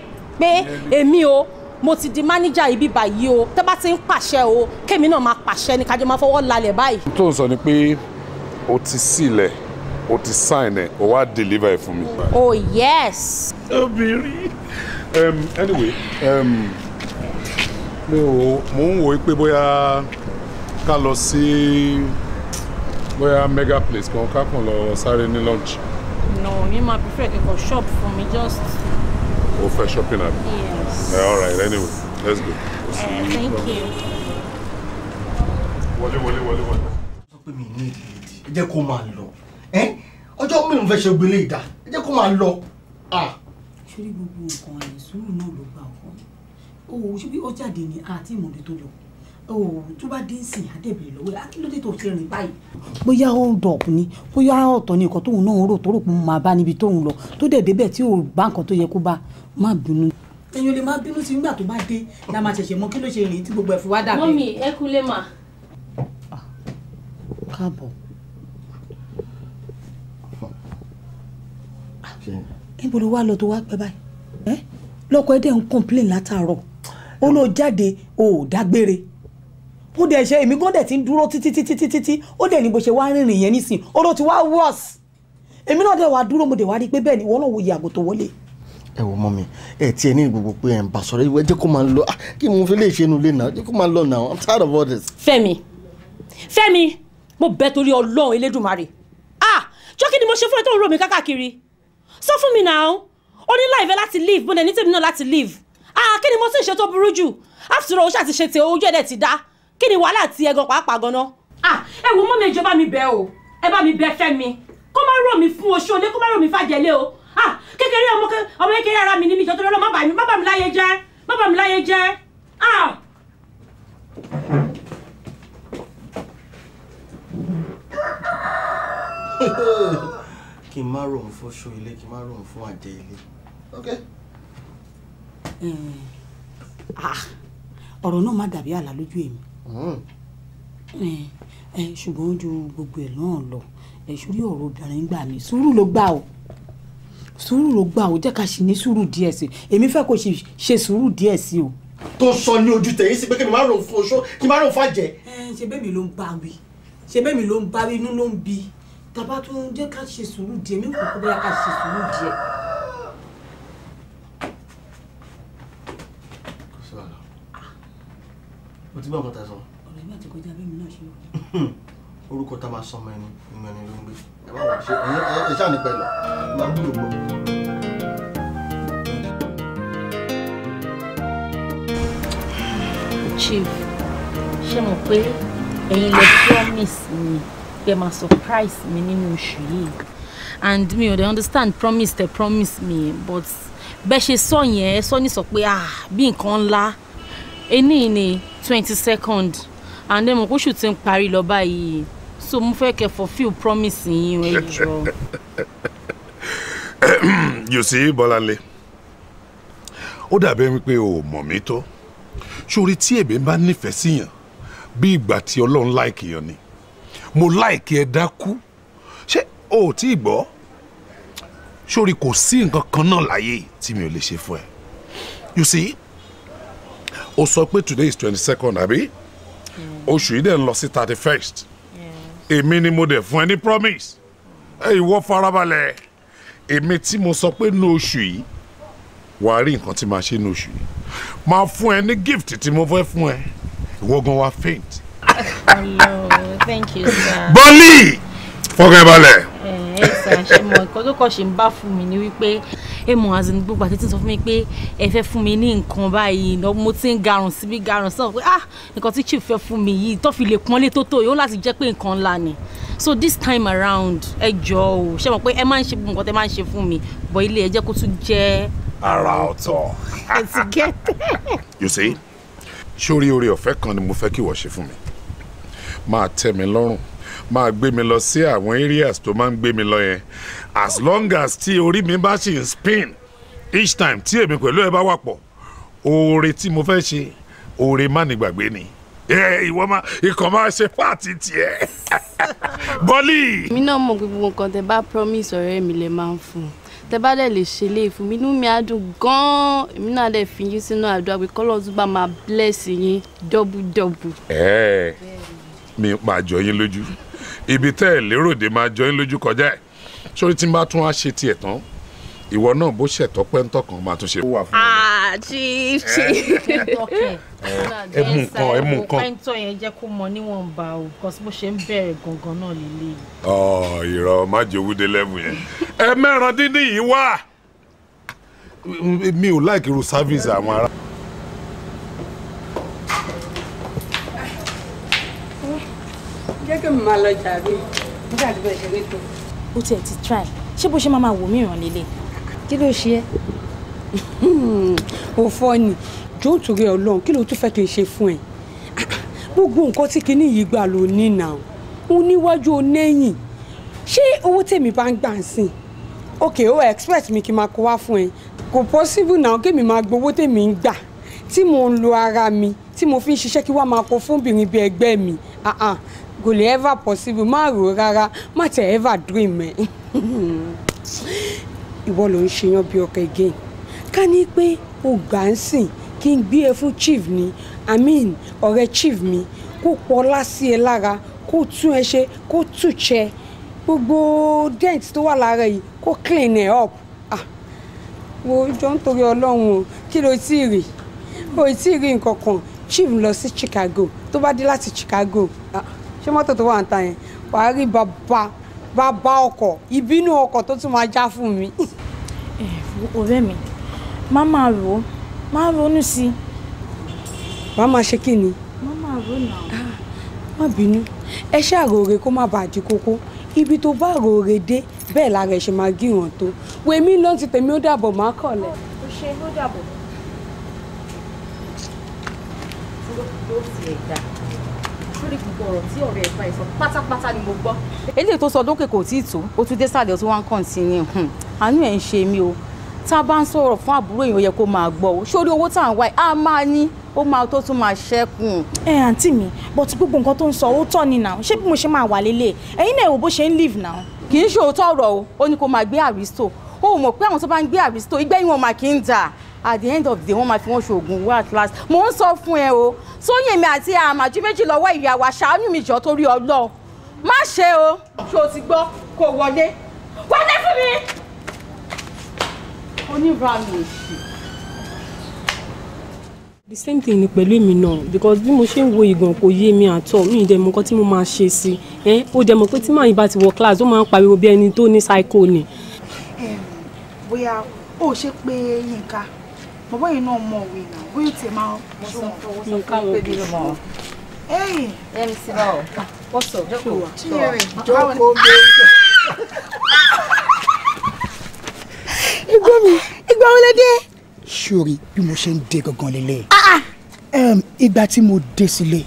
[SPEAKER 2] pé èmi o mo ti di mánéjà ibi báyìí o tẹ́ bá ti ń pàṣẹ o kémi náà máa pàṣẹ ni kájọ máa fọwọ́ lálẹ̀ báyìí.
[SPEAKER 8] tó ń sọ ni pé o ti sílẹ̀ o ti sign ẹ o wá deliver ẹ fún mi.
[SPEAKER 2] oh yes.
[SPEAKER 8] obìnrin um, anyway um, mi ò mò ń wò ó pé bóyá ká lọ sí bóyá mega place kan ká kàn lọ sáré ní lunch.
[SPEAKER 2] no mi máa prefer kíkọ shop for me. just.
[SPEAKER 8] o fẹ́ shopping abi.
[SPEAKER 2] yes.
[SPEAKER 8] Yeah, all right anyway let's go.
[SPEAKER 2] Uh, thank
[SPEAKER 8] you. wọlé wọlé wọlé wọlé. sọ pé mi ní ìdí ẹ jẹ́
[SPEAKER 1] kó máa lọ ọjọ́ mélòó fẹ́ ṣe gbélé ìdá ẹ jẹ́ kó máa lọ.
[SPEAKER 2] sórí gbogbo nǹkan ẹ̀ sùúrù náà ló gba ọkọ o ṣe bí ó jáde ní àti ìmọ̀lẹ́ tó lọ o tó bá dé sìn àdébìrì lọ́wọ́ ẹ̀ akílódé tó ṣe rìn báyìí. bóyá ó ń dọ̀ ni bóyá ọ̀tọ̀ ni nǹkan tóun náà rò tó rò pé mo máa bá níbi tóun lọ tó dẹ̀ débẹ̀ tí ò bá nǹkan tó yẹ kó bá má bínú ẹ̀yin ò lè máa bínú sí nígbà tó bá dé la máa ṣẹ̀ṣẹ̀ mọ kí ló ṣe rèé tí gbogbo ẹ̀ fi wá dàbí. mọ́mì ẹ kú lè mà. káàbọ̀ níbo ló wá lọ tó wá pẹ́ báyìí lọ́kọ ẹ̀dẹ̀ ń complain látàárọ̀ ó lọ jáde ò dágbére ó dẹ̀ ṣe èmi gan dẹ̀ ti ń dúró títí títí títí ó dẹ̀ ní bó ṣe wá rìnrìn yẹn nísìn ó ló ti wá worse èmi náà dẹ̀ wá dúró mo dẹ̀ wá rí i pé bẹ́ẹ̀ ni ìwọ náà wo ìyàgò tó wọlé
[SPEAKER 1] ẹ wò mọ mi ẹ tí ẹ ní gbogbo pé ẹ ń bá sọ̀rọ̀ ẹ jẹ́ kó máa lọ ah, kí mo fi lè ṣe inú ilé náà jẹ́ kó
[SPEAKER 2] máa lọ náà i'm tired of all this. Fẹ́mi Fẹ́mi mo bẹ̀ torí Ọlọ́run Elédùmarè ah jọ́kí ni mo ṣe fún ẹ tó ń rò mí kákàkiri sọ fún mi náà ó ní láìfẹ́ láti leave mo dẹ̀ ní tèmi náà láti leave ah kí ni mo sì ń ṣe tó burú jù after all ó ṣàti ṣe tè ojú ẹ̀dẹ̀ ti dá kí ni wàhálà ti ẹ̀gàn pàápàá gan-an. ah ẹ wo mọ́mi ẹ jọ̀ọ́ bá mi bẹ̀ o ẹ bá mi bẹ̀ fẹ́ mi kó má rò mí fún oṣù olé kó má rò mí fàjẹ́lé o ah kékeré ọmọ kékeré ara mi ní mi ìjọ́tọ́ lọ́lọ́ má bà mí má bà mí láyé jẹ́ má bà mí láyé jẹ́ ah. Ha ha
[SPEAKER 1] ha! kí n má ròhún fún ṣó ilé kí n má ròhún fún àjẹ ilé ok.
[SPEAKER 2] ọ̀rọ̀ náà má dàbí àlá lójú èmi hmm. ṣùgbọ́n ju gbogbo ẹ̀ náà lọ ẹ̀ṣúrí ọ̀rọ̀ obìnrin gbà mí sùúrù ló gbà o sùúrù ló gbà o jẹ́ ká ṣì ní sùúrù díẹ̀ sí i èmi fẹ́ kó ṣe sùúrù díẹ̀ sí i o.
[SPEAKER 3] tó sọ ní ojú tẹ̀yìn sí pé kí n má ròhún fún oṣó kí n má ròhún fún àjẹ.
[SPEAKER 2] ṣe bẹ́ẹ̀ mi ló ń bá wí ṣe bẹ́ẹ̀ mi ló ń bá wí inú ló ń bí i tàbá tó ń jẹ́ ká ṣe sùúrù díẹ̀ mí kò kó bóyá ká ṣe sùúrù díẹ̀. kò sí wàhálà
[SPEAKER 1] mo ti gbọ́ ọ̀kan ta sọ.
[SPEAKER 2] ọ̀rọ̀ ìgbà tí kò já bẹ́ẹ̀ mi náà ṣe wà.
[SPEAKER 1] [laughs] orúkọ tá a máa sọmọ ẹni ìmọ̀ ẹni ló ń gbé ẹ bá wà ṣe ẹ ṣáà ní pẹ̀lẹ́ ẹ máa gbúdọ̀ gbọ́.
[SPEAKER 2] chief ṣé mo pé ẹ̀yin lè promise mi They must surprise me in oṣù yìí and me they understand promise they promise me, but be she sọ yẹn ẹ sọ ní sọ pé ah bí nǹkan ńlá ení ni twenty second and then mo kó ṣù ti ń parí lọ so mo fẹ́ kẹ́ fulfil promise yín ẹ
[SPEAKER 8] [coughs] you see Bọ́láńlé ó dàbẹ́ wípé o ò mọ̀ mí tó sórí tí èmi bá nífẹ̀ẹ́ síyàn bí ìgbà tí ọlọ́run láìkì yàn ni mo láìkí ẹ dákú ṣé o ò tí ì gbọ́ sórí kò sí nǹkan kan náà láyé tí mi ò lè ṣe fún ẹ you see o sọ pé today is twenty second àbí hmm. oṣù yìí dẹ̀ ń lọ sí thirty first èmi ni mo dẹ̀ fún ẹ ní promise hmm. ẹ ìwọ farabalẹ̀ èmi tí mo sọ pé ní oṣù yìí wàá rí nǹkan tí màá ṣe ní oṣù yìí máa fún ẹ ní gift tí mo fẹ́ fún ẹ ìwọ gan wa faint.
[SPEAKER 2] hello thank you sir. bọ́lí
[SPEAKER 8] fọkàn balẹ̀.
[SPEAKER 2] ẹ ṣe àṣemọ nǹkan tó kọ̀ ṣe ń bá fún mi ni wípé ẹ mọ àti ní gbogbo àtẹ́tí sọ fún mi pé ẹ fẹ́ fún mi ní nǹkan báyìí mo ti ń garùn síbi garùn sọ pé ah nǹkan tí chief fẹ́ fún mi yìí tó fi lè pọ́nlé tó tó yìí láti jẹ́ pé nǹkan ńlá ni so this time around ẹ jọ o ṣe mọ̀ pé ẹ máa ń ṣe nǹkan tẹ máa ń ṣe fún mi bọ̀ ilé ẹ kó tún jẹ́. ara ọ̀tọ̀.
[SPEAKER 8] [laughs] you see sórí oore ọ̀fẹ́ kan ni mo fẹ́ kí wọ́n ṣe fún mi máa tẹ́ mi lọ́rùn máa gbé mi lọ sí àwọn areas tó máa ń gbé mi lọ yẹn as long as tí orí mi bá ṣì ń spin each time tí èmi pẹ̀lú ẹ bá wà pọ̀ oore tí mo fẹ́ ṣe oore má ní gbàgbé ni ìwọ máa ikọ̀ máa ṣe pààtì tiẹ̀
[SPEAKER 2] [laughs] bọ́lì. mi náà mọ gbogbo nǹkan tẹ bá promise ọ̀rẹ́ mi lè máa ń fún un tẹ bá dẹ̀ lè ṣe lè fún mi inú mi á dùn gan-an èmi náà dẹ̀ fi yín sínú àdúrà pé kọ́lọ́ọ̀tún máa bless yín dọ́bùdọ́bù.
[SPEAKER 8] ẹ̀ẹ́ mi máa jọ yín lójú ibi tẹ́ ẹ̀ lérò dé máa jọ yín lójú kọjá ẹ̀ sórí tí n bá tún á ṣe tiẹ̀ tán ìwọ náà bó ṣètọ́ pẹ́ńtọ́ kan máa tún ṣe.
[SPEAKER 4] ah chief chief. Eh.
[SPEAKER 8] [laughs] ẹ mú nǹkan ẹ mú nǹkan. pẹ́ńtọ́
[SPEAKER 2] yẹn jẹ́ kó mọ níwọ̀nba o because bó ṣe ń bẹ̀rẹ̀ gangan náà lélẹ̀.
[SPEAKER 8] ọ ìrọ̀ májèwúde lẹ́bù yẹn ẹ mẹ́ràn dídí yìí wà mi ò láìkiri service àwọn ará.
[SPEAKER 2] jẹ́ kí mo máa lọ jàbí. nígbà tí bẹ́ẹ̀ ṣe rí tó. ó tiẹ̀ ti try ṣé bó ṣe máa máa wò mí nílé kí ló ṣe é. ò fọ́ ni jọ̀ọ́ torí ọlọ́run kí ló tún fẹ́ kí n ṣe fún ẹ gbogbo nǹkan tí kinní yìí gbà ló ní nà ó níwájú onéyìn ṣé owó tèmi bá ń gbà ń sìn okay ó expect mi kí n máa kó wá fún ẹ kò possible náà kémi máa gbowó tèmi ń gbà tí mo ń lo ara mi tí mo fi ń ṣiṣẹ́ kí wá máa kó fún obìnrin bíi ẹgbẹ́ mi ah, ah go le ever possible má rò rárá má tẹ ever dream ẹ ìwọ ló ń ṣèyàn bí ọkọ again ká ní pé o gbà ń sìn kí n gbé e fún chief ni i mean ọ̀rẹ́ chief mi kó pọlá sí ẹ lára kó tún ẹ ṣe kó tún ṣe gbogbo dent tó wà lára yìí kó clean ẹ up ah wo jọ ń torí ọlọ́run o kí ló tí ì rí o ì tí ì rí nǹkan kan chief lọ sí Chicago tó bá dé láti Chicago ah ṣé mọ́tò tó wà ń ta yẹn wàá rí bàbá bàbá ọkọ̀ ìbínú ọkọ̀ tó tún máa já fún mi. ẹ ọ̀rẹ́ mi má máa rò ó má ronú sí i. má máa ṣe kí ni. má máa rò náà. Ah, má bínú ẹ ṣàròrè kó má bàa di kókó ibi tó bá ròrè dé bẹ́ẹ̀ lára ẹ̀ ṣe máa gíràn tó wèmí ló ń ti tèmi ó dàbọ̀ má kọ̀lẹ̀. ó ṣe ló dàbọ̀. tó ti ẹ̀ dáa gbogbo ọ̀rọ̀ tí ọ̀rẹ́ ẹ̀ bá ẹ sọ pátápátá ni mo gbọ́. eléyìí tó sọ dókè kò tí tó ó tún dé sàlẹ̀ tí wọ́n kàn sí ni àánú ẹ̀ ń ṣe mí o tá a bá ń sọ̀rọ̀ fún àbúrò èèyàn yẹ kó máa gbọ́ o sórí owó tá à ń wá a máa ní ó máa tó tún máa ṣẹ́kùn. ẹ àǹtí mi bọ́tí gbogbo nǹkan tó ń sọ ó tọ́ ni nà ṣé bí mo ṣe máa wà lélẹ̀ ẹ̀yin náà ẹ̀ wò bó ṣe ń live nà. kì í ṣe òótọ́ ọ̀rọ̀ o ó ní kó máa gbé àrísítò ó mọ̀ pé àwọn tó bá ń gbé àrísítò ìgbẹ́yìn wọn máa kì í dà at the end of the day wọ́n máa fi wọ́n ṣoògùn owó at last mò ń sọ fún ẹ o sóyèmí àti àmàjú méjì lọ́wọ́ ìyá wa ṣàánú mi jọ torí ọlọ́run má ṣe o ṣé o ti gbọ́ kó wọlé wọlé fún mi. oníranù òṣì. the same thing ni pẹ̀lú èmi náà because bí mo ṣe ń wo ìgàn kò yé mi àtọ̀ mi ì dẹ̀ mọ̀ nǹkan tí mo máa ṣe sí i ó dẹ̀ mọ̀ pé tí màá bá ti wọ class ó máa ń pariwo bí ẹni tó ní psycho ni. bóyá o ṣe pé Yínká bàbá yìí náà mọ̀ òwe náà bóyá tiẹ̀ máa ṣùgbọ́n nǹkan wo bí mo. ẹyìn ẹni sí bá ọ wọ́sọ jókòó jókòó méjì. igbó mi igbó wọlé
[SPEAKER 3] dé. sori bí mo ṣe ń dé gangan lélẹ̀ ah, ah. ìgbà tí mo dé sílé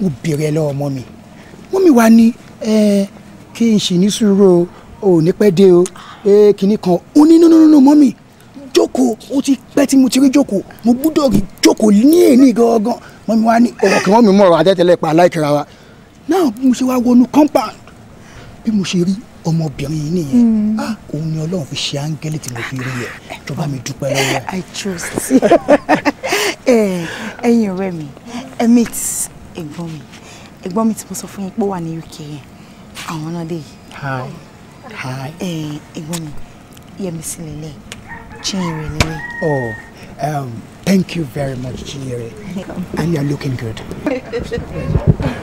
[SPEAKER 3] mo béèrè ẹ lọ́wọ́ mọ́ mi mọ́ mi wá ní n ṣì ní sùúrù o ò ní pẹ́ dé o kínní kan ó ní nínú nínú mọ́ mi. Joko, o ti pẹ́ tí mo ti rí Joko, mo gbúdọ̀ rí jókòó ní èní gangan wọ́n mi wá ní ọ̀rọ̀ kí wọ́n mi mọ̀ ọ̀rọ̀ adẹ́tẹ̀lẹ̀ pa aláìkira wa náà bí mo ṣe wá wọnú compound bí mo ṣe rí ọmọbìnrin yìí nìyẹn hmm. ah, òun ni ọlọ́run fi ṣe áńgẹ́lì tí mo fi rí ẹ̀ jọba mi dúpẹ́
[SPEAKER 2] lọ́wọ́. I trust [laughs] eh, ẹ̀yin ọ̀rẹ́ mi emit ẹ̀gbọ́n mi ẹ̀gbọ́n mi tí mo sọ fún yín pé ó wà ní UK yẹn àwọn náà dé yìí eh, ẹ̀gbọ́n mi Yẹmisí lélẹ̀ Chinyere eh?
[SPEAKER 3] Lily. Oh, um, thank you very much, Chinyere. [laughs] and you're looking good.
[SPEAKER 7] [laughs]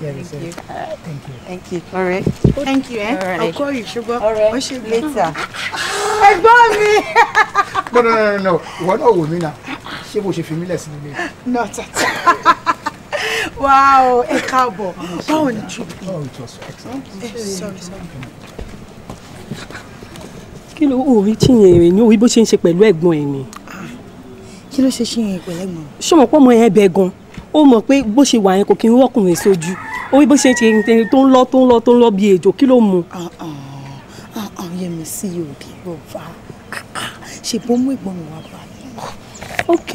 [SPEAKER 2] Thank you. Uh, thank you. Thank you. All right. Thank
[SPEAKER 7] you, eh? All right. I'll
[SPEAKER 2] call you, sugar. All right. Or sugar. Later. Ẹ̀gbọ́n [laughs] mi. No,
[SPEAKER 3] no, no, no, no. Ìwọ náà wò now? náà. Ṣé bó ṣe fi Not at all. nílé? Nọ
[SPEAKER 2] tata. Wow, ẹ káàbọ̀. Oh, Báwo Oh, it was excellent. Eh, sorry, sorry. kí ló orí Chinyere ni orí bó ṣe ń ṣe pẹ̀lú ẹ̀gbọ́n ẹ̀ ni. kí ló ṣe Chinyere pẹ̀lú ẹ̀gbọ́n. ṣé mo pọ́ mọ ẹ bẹ gan ó mọ̀ pé bó ṣe wà yẹn kò kí ń rọ́kùnrin sójú orí bó ṣe ń ṣe tó ń lọ tó ń lọ tó ń lọ bí ejò kí ló mu. Ah, ah, ah, yẹmi sí òbí bọ̀bá ṣe bó mú ìgbọ́n mi wá bá mi. ok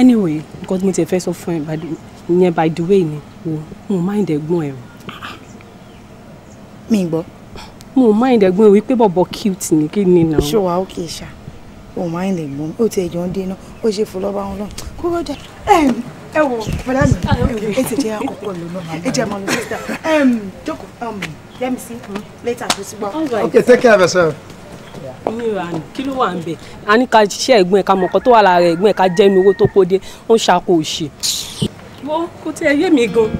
[SPEAKER 2] anyway nǹkan tí mo ti fẹ́ sọ fún ẹ ìyẹn by the way ni mo máa ń ẹ̀ mi gbọ́ mo mind ẹ̀gbọ́n wípé bọ̀bọ̀ cute ni kí ni náà. ṣé wàá òkè ṣá o mind ẹ̀gbọ́n ó ti ẹ̀jọ̀ ń dé náà ó ṣe fún lọ́ba wọn náà kó rọ́jà ẹ wọ bàdá mi ah, ẹ ti jẹ́ àkọ́kọ́ lọ náà ẹ jẹ́ àmọ́ lọ jókòó let me see hmm, later tó ti gbọ́. okay take care of yourself kí ló wà ń bẹ̀ a ní ká ṣiṣẹ́ ẹ̀gbọ́n ẹ̀ ká mọ̀kọ́ tó wà lára ẹ̀gbọ́n ẹ̀ ká jẹ́nu owó tó kó dé ó ń ṣàkóso. wo kò tí ẹ yé mi gan.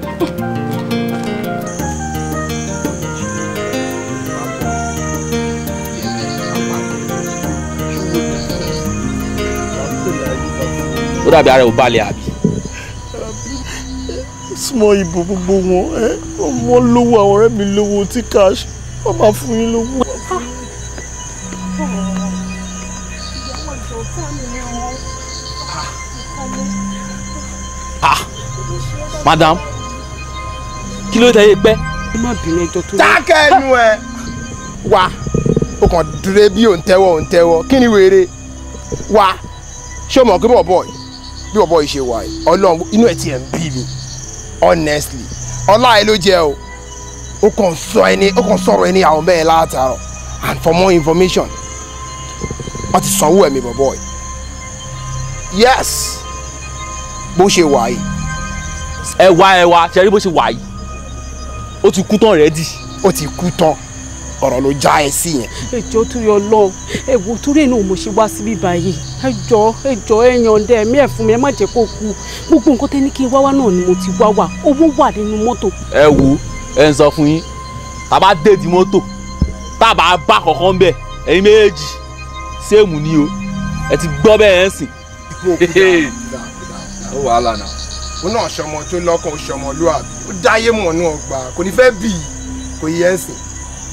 [SPEAKER 9] ó dàbí ara ò balẹ̀ àbí.
[SPEAKER 4] small ibo gbogbo wọn ẹ wọn lówó àwọn ọ̀rẹ́ mi lówó tí cash wọn
[SPEAKER 3] máa fún yín lówó. madam
[SPEAKER 5] kí ló tẹ̀yẹ pẹ́. ẹ má bínú ẹjọ́ tó. dákẹ́ ẹnu
[SPEAKER 4] ẹ wá o kàn dúró bí òǹtẹ́wọ̀ òǹtẹ́wọ̀ kí ni wèrè wá
[SPEAKER 9] ṣé o mọ̀ pé bọ̀ bọ̀ yìí bí bọ̀bọ̀ yìí ṣe wà yìí ọlọ́run inú ẹ̀ tiẹ̀ ń bí mi honestly ọlá ẹ ló jẹ́ o ó kàn sọ ẹni ó kàn sọ̀rọ̀ ẹni àwọn bẹ́ẹ̀ látàárọ̀ and for more information wọ́n ti sanwó ẹ̀mí bọ̀bọ̀ yìí yes bó ṣe wà yìí. ẹwà ẹwà ṣe rí bó ṣe wà yìí ó ti kú tán rẹ́dì. ó ti kú tán ọ̀rọ̀ ló já ẹ sí yẹn.
[SPEAKER 2] ẹjọ tó yọ lọ ewu torí inú mo ṣe wá síbí báyìí ẹjọ ẹjọ ẹ yànda ẹmí ẹ fún mi ẹ má jẹ́ kó kú gbogbo nǹkan tẹ́ ní kí n wá wá náà ni mo ti wá wà owó wà nínú mọ́tò.
[SPEAKER 6] ẹ wo ẹ ń sọ fún yín tàbá déètì mọ́tò
[SPEAKER 9] tàbá bá kọ̀ọ̀kan ń bẹ̀ ẹ̀yin méjèèjì séèmù ni o ẹ ti gbọ́ bẹ́ẹ̀ ń sìn. ó wàhálà náà ó náà ṣọmọ tó lọ́kàn ó ó dáyé mọ̀ọ́nù ọgbà kò ní fẹ́ bì í kò yẹ ń sìn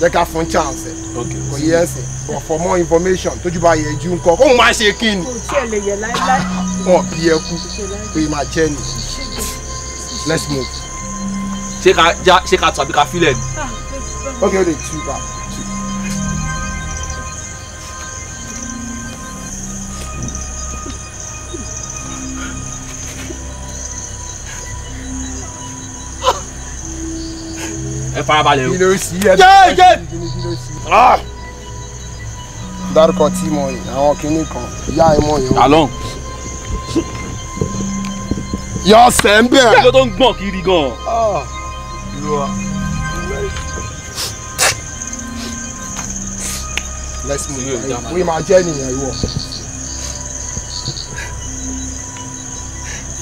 [SPEAKER 9] jẹ́ ká fún chance kò yẹ ẹsẹ̀ but for more information tójú bá yẹ ju nǹkan kó máa ṣe kí ni.
[SPEAKER 2] kò tí ẹ lè yẹ láíláí. wọn bí ẹ kú pé
[SPEAKER 9] máa jẹ ni let's move. ṣé ká já ṣé ká tàbí ká fílẹ̀ ni. ok o lè tú bá. ẹ o. kí ló sì yẹ jẹ́ jẹ́. Ah! dárúkọ tí mo yìn àwọn kinní kan ìyá ẹ mọ yẹn. alon. yọ sẹ́ńbẹ̀. kí ló tó ń gbọ̀n
[SPEAKER 6] kiri gan-an. Ah! let's move on we
[SPEAKER 4] nìyẹn ìwọ.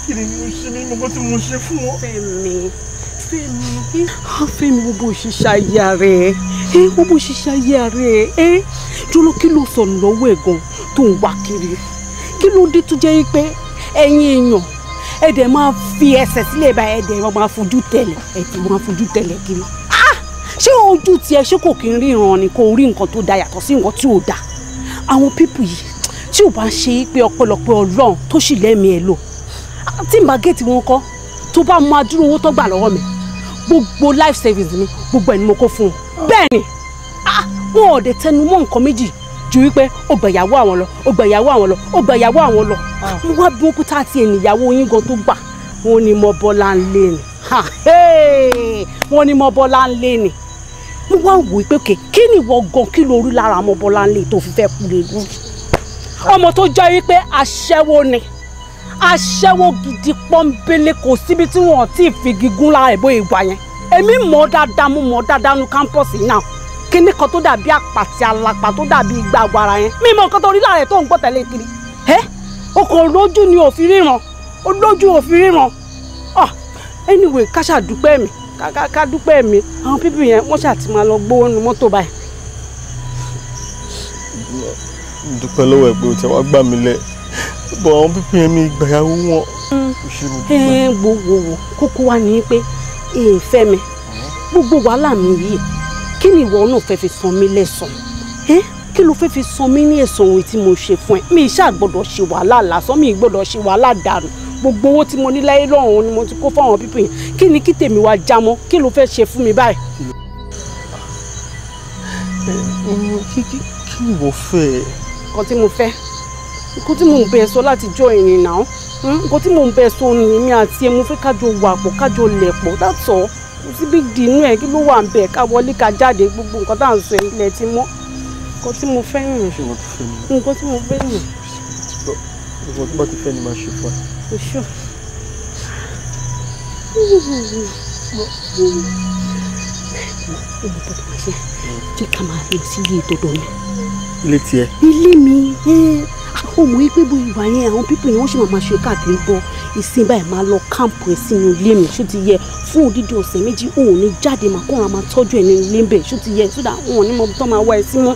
[SPEAKER 6] kí ni mo ṣe nínú bó ti mo ṣe fún wọn.
[SPEAKER 2] Fẹ́mi. Fẹ́mi wo bó ṣe ṣayé ara ẹ̀ ẹ́ wo bó ṣe ṣayé ara ẹ̀ ẹ́ dúró kí ló sọ̀rọ̀ lọ́wọ́ ẹ̀ gan tó ń wá kiri kí ló dé tó jẹ́ pé ẹ̀yin èèyàn ẹ̀ dẹ̀ máa fi ẹsẹ̀ sílẹ̀ báyìí ẹ̀ dẹ̀ máa fojú tẹ̀lẹ̀ ẹ̀ dẹ̀ máa fojú tẹ̀lẹ̀ kiri ah! ṣé ojú tiẹ̀ ṣé kò kí n ríran ni kò rí nǹkan tó da yàtọ̀ sí nǹkan tí ò da àwọn pípù yìí tí ò bá ṣe pé ọ̀pọ̀lọpọ̀ Ọlọ́run tó sì lẹ́mìí ẹ̀ lò tí màgẹ́ẹ̀tì wọn kọ́ tó bá máa dúró owó tó gbà lọ́wọ́ mi gbogbo life savings mi gbogbo ẹ̀ ni mo kó fún un bẹ́ẹ̀ ni ah, wọn ò dé tẹnu mọ́ nǹkan méjì ju wípé ó gbà ìyàwó àwọn lọ ó gbà ìyàwó àwọn lọ ó gbà ìyàwó àwọn lọ ah. mo wá bí òkúta àti ènìyàwó yín gan tó gbà wọn ni mo bọ́lá ń lé ni wọn ni mo bọ́lá ń lé ni mo wá wò ó pé kè kí ni ìwọ gan kí ló rí lára mo bọ́lá ń lé tó fi fẹ́ kú lè lórí ọmọ tó jẹ́ wípé aṣẹ́wó ni aṣẹ́wó gidi pọ́nbélé kò síbi tí wọ́n ti fi gígùn lára ìbò ìwà yẹn èmi mọ̀ dáadáa mo mọ̀ dáadáa nu kámpọ̀sì náà kíní kan tó dàbí àpàtì alapa tó dàbí igba agbára yẹn mi mọ̀ nǹkan tó rí lára ẹ̀ tó ń gbọ́ tẹ̀lé kiri ẹ́ o kò lójú ni òfin ríran o lójú òfin ríran ọ ah, anyway ká ṣàdúpẹ́ mi ká dúpẹ́ mi àwọn pípì yẹn wọ́n ṣàti máa lọ gbówó nu mọ́tò báyìí.
[SPEAKER 1] dúpẹ́ lọ́wọ́ ẹ̀ pé o ti wá gbà mí lẹ́ẹ̀ bọ̀ àwọn pípín ẹ̀mí ìgbàyàwó wọn.
[SPEAKER 2] gbogbo mm. eh, kókó wa ní pé èèfẹ́ eh, mi gbogbo wàhálà mi yìí kí ni ìwọ náà fẹ́ fi san mí lẹ́sàn-án eh, kí ló fẹ́ fi san mí ní ẹ̀sùn òwe tí mo ṣe fún ẹ mi ṣáà gbọ́dọ̀ ṣe wàhálà lásán mi gbọ́dọ̀ ṣe wàhálà dànù gbogbo owó tí mo ní láyé lọ́hùn-ún ni mo ti kó fáwọn pípín yẹn kí ni kí tèmi wá já mọ́ kí ló fẹ́ ṣe fún mi báyìí.
[SPEAKER 1] Mm, kí ni mo fẹ́.
[SPEAKER 2] kan tí mo fẹ́ nǹkan tí mò ń bẹ̀ sọ láti jọ ìrìn náà nǹkan tí mò ń bẹ̀ sọ ni èmi àti ẹ̀ mo kájọ wà pọ̀ kájọ lẹ̀ pọ̀ dàtọ̀ kò sí big inú ẹ̀ kí ló wà ń bẹ̀ ká wọlé ká jáde gbogbo nǹkan tá à ń sọ ilẹ̀ ti mọ́ nǹkan tí mo fẹ́ rìn nǹkan tí mo fẹ́ rìn. nǹkan tí mo ti fẹ́ ni máa ṣe fún ẹ.
[SPEAKER 7] Hmm. jẹ́
[SPEAKER 2] ká máa lọ sí ilé ìtọ́dọ̀ mi. ilé tiẹ̀. ilé mi ó mọ̀ pé bó ìwà yẹn àwọn pípọ̀ yẹn wọ́n ṣe máa ṣe káàkiri bọ̀ ìsìn báyìí máa lọ káàmpù ẹ̀ sínú ilé mi ṣó ti yẹ fún òdìdí ọ̀sẹ̀ méjì òun ní jáde máa kọ́ra máa tọ́jú ẹ̀ ní ilé ń bẹ̀ ṣó ti yẹ sódà òun ní mọ̀ tó máa wá ẹ sí mọ́.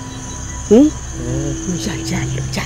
[SPEAKER 7] yàyà lọ jà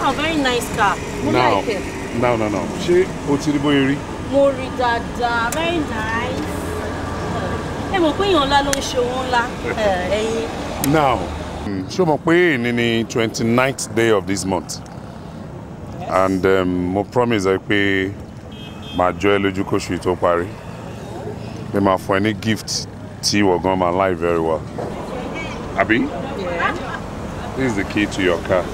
[SPEAKER 2] wow very nice car mo now, like it.
[SPEAKER 8] now no no ṣé o ti rí bóyá
[SPEAKER 2] rí. very nice Hey, mọ̀ pé èèyàn ńlá ló ń ṣe owó
[SPEAKER 8] [laughs] now show o mọ̀ pé èyí ni twenty day of this month yes. and um, mo promise I pay my jọ ẹ lójú kóṣù tó parí pé any fún ẹ ní gift tí ìwọ gan máa like very well àbí. Yeah. This is the key to your car.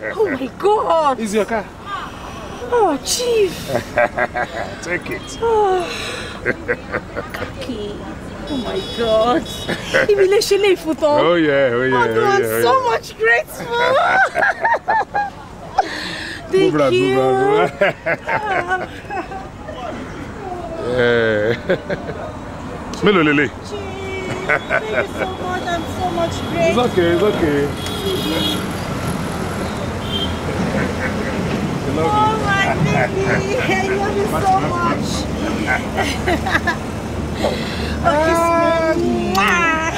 [SPEAKER 2] Oh my God! Is your car? Oh, Chief!
[SPEAKER 8] [laughs]
[SPEAKER 2] Take it. Oh. Oh my God. Oh yeah, oh yeah. Oh, oh so much grateful.
[SPEAKER 8] Thank you. Lily. Thank
[SPEAKER 5] It's okay, okay.
[SPEAKER 7] Oh my baby, I love you so much. oh, oh God.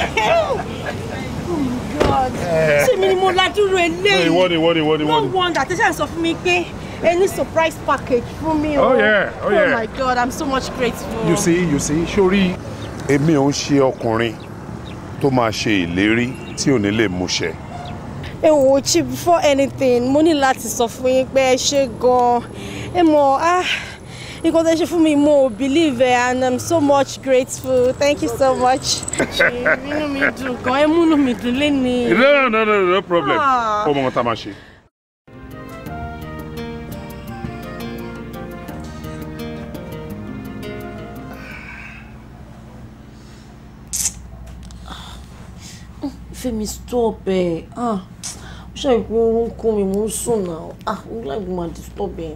[SPEAKER 7] Ṣé mi ni mo
[SPEAKER 2] lajúro eléyìí? Ìwọ ni ìwọ ni ìwọ ni. No wonder, tẹ́sán sọ fún mi pé any surprise package fún mi o. Oh yeah, oh yeah. Oh my God, I'm so much grateful.
[SPEAKER 8] You see, you see, sori èmi ò ń ṣe ọkùnrin tó máa ṣe ìlérí tí ò ní lè múṣẹ
[SPEAKER 2] ẹ wò before anything mo ní láti sọ fún yín pé ẹ ṣe gan ẹ mọ̀ ah nǹkan tẹ́ ṣe fún mi mo believe ẹ and i'm so much grateful thank you so much.
[SPEAKER 8] inú mi dùn
[SPEAKER 2] gan ẹ mi dùn lénìí. no
[SPEAKER 8] no no no problem ah. ó mọ ohun tá a máa ṣe.
[SPEAKER 2] Femi stop Eh. Uh ṣe ìpín oorun kún mi mò ń sùn náà ah orí láìpẹ́ máa disturb ẹ̀.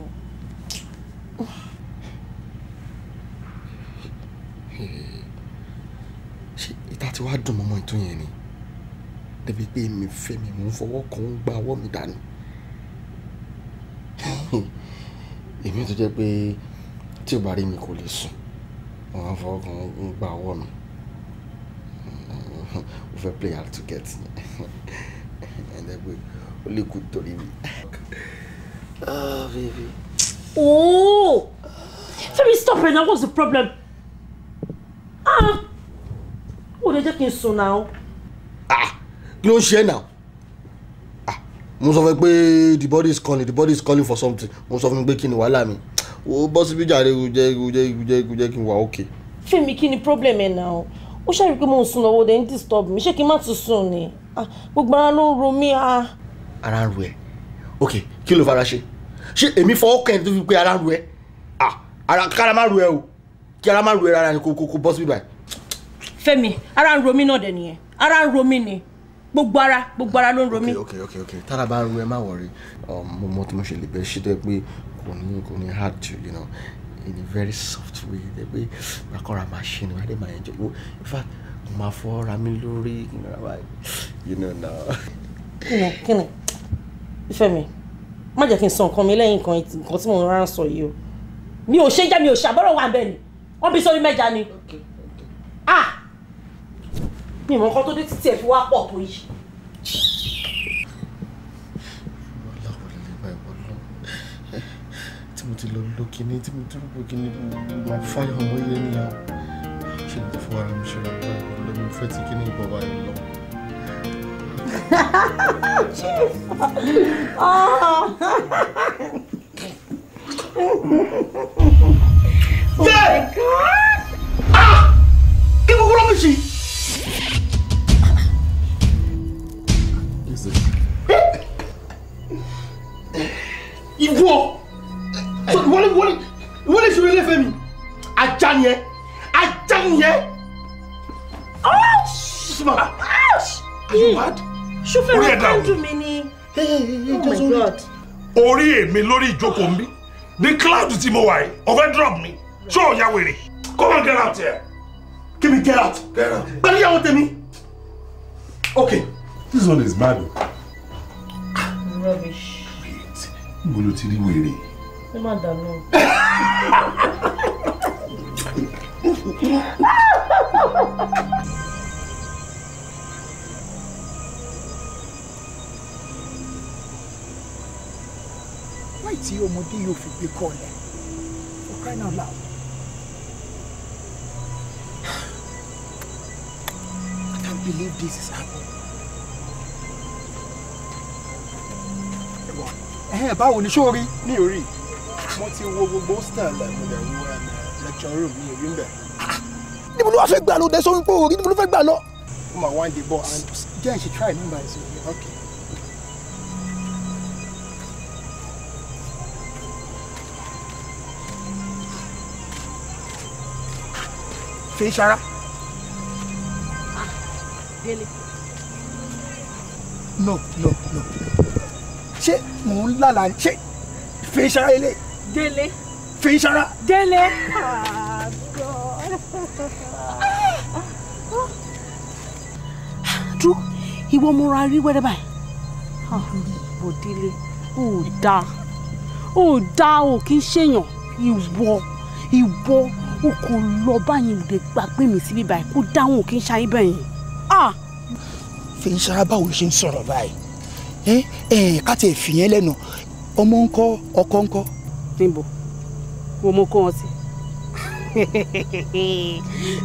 [SPEAKER 1] ṣé ìta tí wàá dùn mọ́mọ́ ìtún yẹn ni débi pé mi fẹ́ mi mò ń fọwọ́ kan ń gba ọwọ́ mi dànù èmi tó jẹ́ pé tí ò bá rí mi kò lè sùn wọn á fọwọ́ kan ń gba ọwọ́ mi ó fẹ́ play hard to get [laughs] and then we ó lè kú torí mi. Ah,
[SPEAKER 2] oh! Femi, stop it now. What's the problem? Ah! Ó lè jẹ́ kí n sùn now.
[SPEAKER 1] Ah! Kí ló ń ṣe now? Ah! Mo sọ fún pé the body is calling, the body is calling for something. Mo sọ fún pé kí ni wàhálà mi. Wo bọ́ síbí jàre gùjẹ́ gùjẹ́ gùjẹ́ gùjẹ́ kí n wà okay.
[SPEAKER 2] Femi, kí ni problem ẹ̀ now? Ó ṣàrí pé mo ń sùn lọ́wọ́ dẹ̀ ń disturb mi. Ṣé kí n má tún sùn ni? Ah! Gbogbo ara ló ń ro mí. Ah!
[SPEAKER 1] ara ń ru ẹ ok kí ló fara ṣe ṣé èmi fọwọ́ kẹ́hìn tó fi pé ara ń ru ẹ ah ara kára má ru ẹ o kí ara má ru ẹ rárá ni kò kò bọ́ síbí báyìí.
[SPEAKER 2] Fẹ́mi ara ń ro mí náà dẹ nìyẹn ara ń ro mí ni gbogbo ara gbogbo ara ló ń ro mí. ok ok ok
[SPEAKER 1] tára bá ń ru ẹ má wọrí um, mo mọ tí mo ṣe lè bẹ ṣe tó yẹ pé kò ní kò ní hard to you know in a very soft way de pe ma kọ́ra ma ṣe ni wàá dé ma ẹjọ́ wo in fact mo ma fọ́ ra mi lórí you know now.
[SPEAKER 2] kí ni kí ni ìfẹ́ mi má jẹ́ kí n sọ nǹkan mi lẹ́yìn nǹkan tí mo rán sọ yìí o mi ò ṣe jẹ́ mi ò ṣe àbọ̀rọ̀ wà bẹ́ẹ̀ ni wọ́n bí sórí mẹ́ja ni ah mi mọ̀ nǹkan tó dé títí ẹ̀ fi wá pọ̀ tó yìí.
[SPEAKER 1] mo ti lọ lo kinní tí mo ti rúbọ kinní máa fáyọ̀ ọmọ yẹn nìyàwó ṣe lè fọwọ́ ara mi ṣe lọ́wọ́ lọ́wọ́
[SPEAKER 4] fẹ́ ti kinní ìbọn báyìí lọ́wọ́.
[SPEAKER 7] 아. 오 마이 갓. 아! 이거 그런 것이.
[SPEAKER 1] Ivo! So, wọlé wọlé wọlé
[SPEAKER 9] sori lé fẹ́ mi. Ajá ni ẹ. Ajá ni ẹ. Oh!
[SPEAKER 8] Are you mad? ṣúfẹ́rẹ́ kándù
[SPEAKER 2] mi ni oh my
[SPEAKER 8] god. orí èmi lórí ìjókòó mi ní cloud tí mo wà yìí ọ̀fẹ́ drop mi ṣé ò ya wèrè come on get out here. kí mi get out. get out. pẹ̀lú ìyàwó tèmi. okay this one is bad.
[SPEAKER 2] rubbish. wait
[SPEAKER 8] níbo ló ti rí wèrè.
[SPEAKER 2] ẹ má dànù. Ha ha ha ha!
[SPEAKER 3] wáì tí ọmọdé yóò fi gbé kọlẹ̀ for crying out loud.
[SPEAKER 9] I can't believe this is happening. ẹ̀hẹ́n báwo ni sórí. ní orí mo ti wo gbogbo star lẹ́mọ̀lẹ́ wo um,
[SPEAKER 4] lecture room ní orí mbẹ́.
[SPEAKER 3] níbo ló wàá fẹ́ gbà lọ dẹ́sọ́ wípé orí níbo ló fẹ́ gbà lọ.
[SPEAKER 4] ó mà wá ń dìbò and. jẹ́ ẹ̀ ṣe try nígbà yẹn sí okay.
[SPEAKER 3] fi ṣara. no no no ṣé mò ń lálà ṣé fi ṣara ilé.
[SPEAKER 2] délé. fi ṣara. délé. dúró ìwọ mo ra rí wẹ́rẹ́ báyìí. bò ah, délé ò dáa ò dáa ò kí ń ṣèyàn ìwọ ìwọ o kò lọ báyìí lè gbà pé mi síbí báyìí kó dáhùn kí n ṣayé bẹ́yìn. Ah! fi ń ṣara báwo ṣe ń sọ̀rọ̀ báyìí ká
[SPEAKER 3] tẹ̀ fìyẹn lẹ́nu ọmọ ńkọ́ ọkọ ńkọ́. níbo wo mo kó wọn
[SPEAKER 2] sí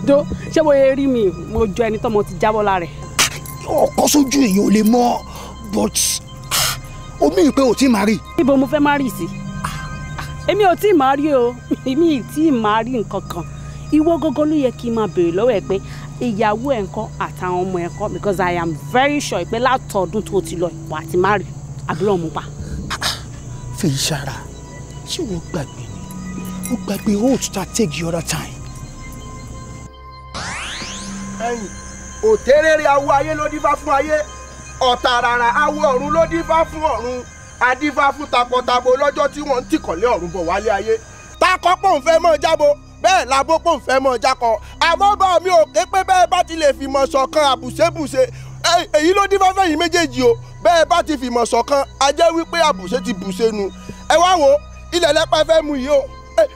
[SPEAKER 2] do ṣé mo yẹ rí mi mo jọ ẹni tọmọ ti jábọ́ lára ẹ̀. ọkọ sójú èèyàn ò lè mọ but omi ìpè ò tí ì máa rí. níbo mo fẹ́ máa rí sí i èmi ò tí ì máa rí o èmi ì tí ì máa rí nǹkan kan ìwọ gógó ló yẹ kí n máa béèrè lọ́wọ́ ẹ pé ìyàwó ẹ̀ ńkọ́ àtàwọn ọmọ ẹ̀ ńkọ́ because i am very sure pé látọ̀ọ́dún tó ti lọ ìpò àti mari àbúrò mu pa.
[SPEAKER 3] fi ìṣara ṣé wọ́n gbàgbé ni wọ́n gbàgbé old star take your time.
[SPEAKER 4] ẹyin
[SPEAKER 9] òtẹ́rẹ́rẹ́ awo ayé ló dífá fún ayé ọ̀tàràrà awo ọ̀run ló dífá fún ọ̀run adífá fún takọtabo lọ́jọ́ tí wọ́n ń tìkọ̀lé ọ̀run bọ̀ wálé ayé takọ pò ń fẹ́ mọ́ jábo bẹ́ẹ̀ labo pò ń fẹ́ mọ́ jákọ àmọ́ bá mi ò ké pé bẹ́ẹ̀ bá ti lè fìmọ̀ ṣọ̀kan àbùsébùsé èyí ló dífá fẹ́yìn méjèèjì o bẹ́ẹ̀ bá ti fìmọ̀ ṣọ̀kan a wípé àbùsé ti bùsé nu ẹ wá wo ilẹ̀ lẹ́pẹ́ fẹ́ mu yìí o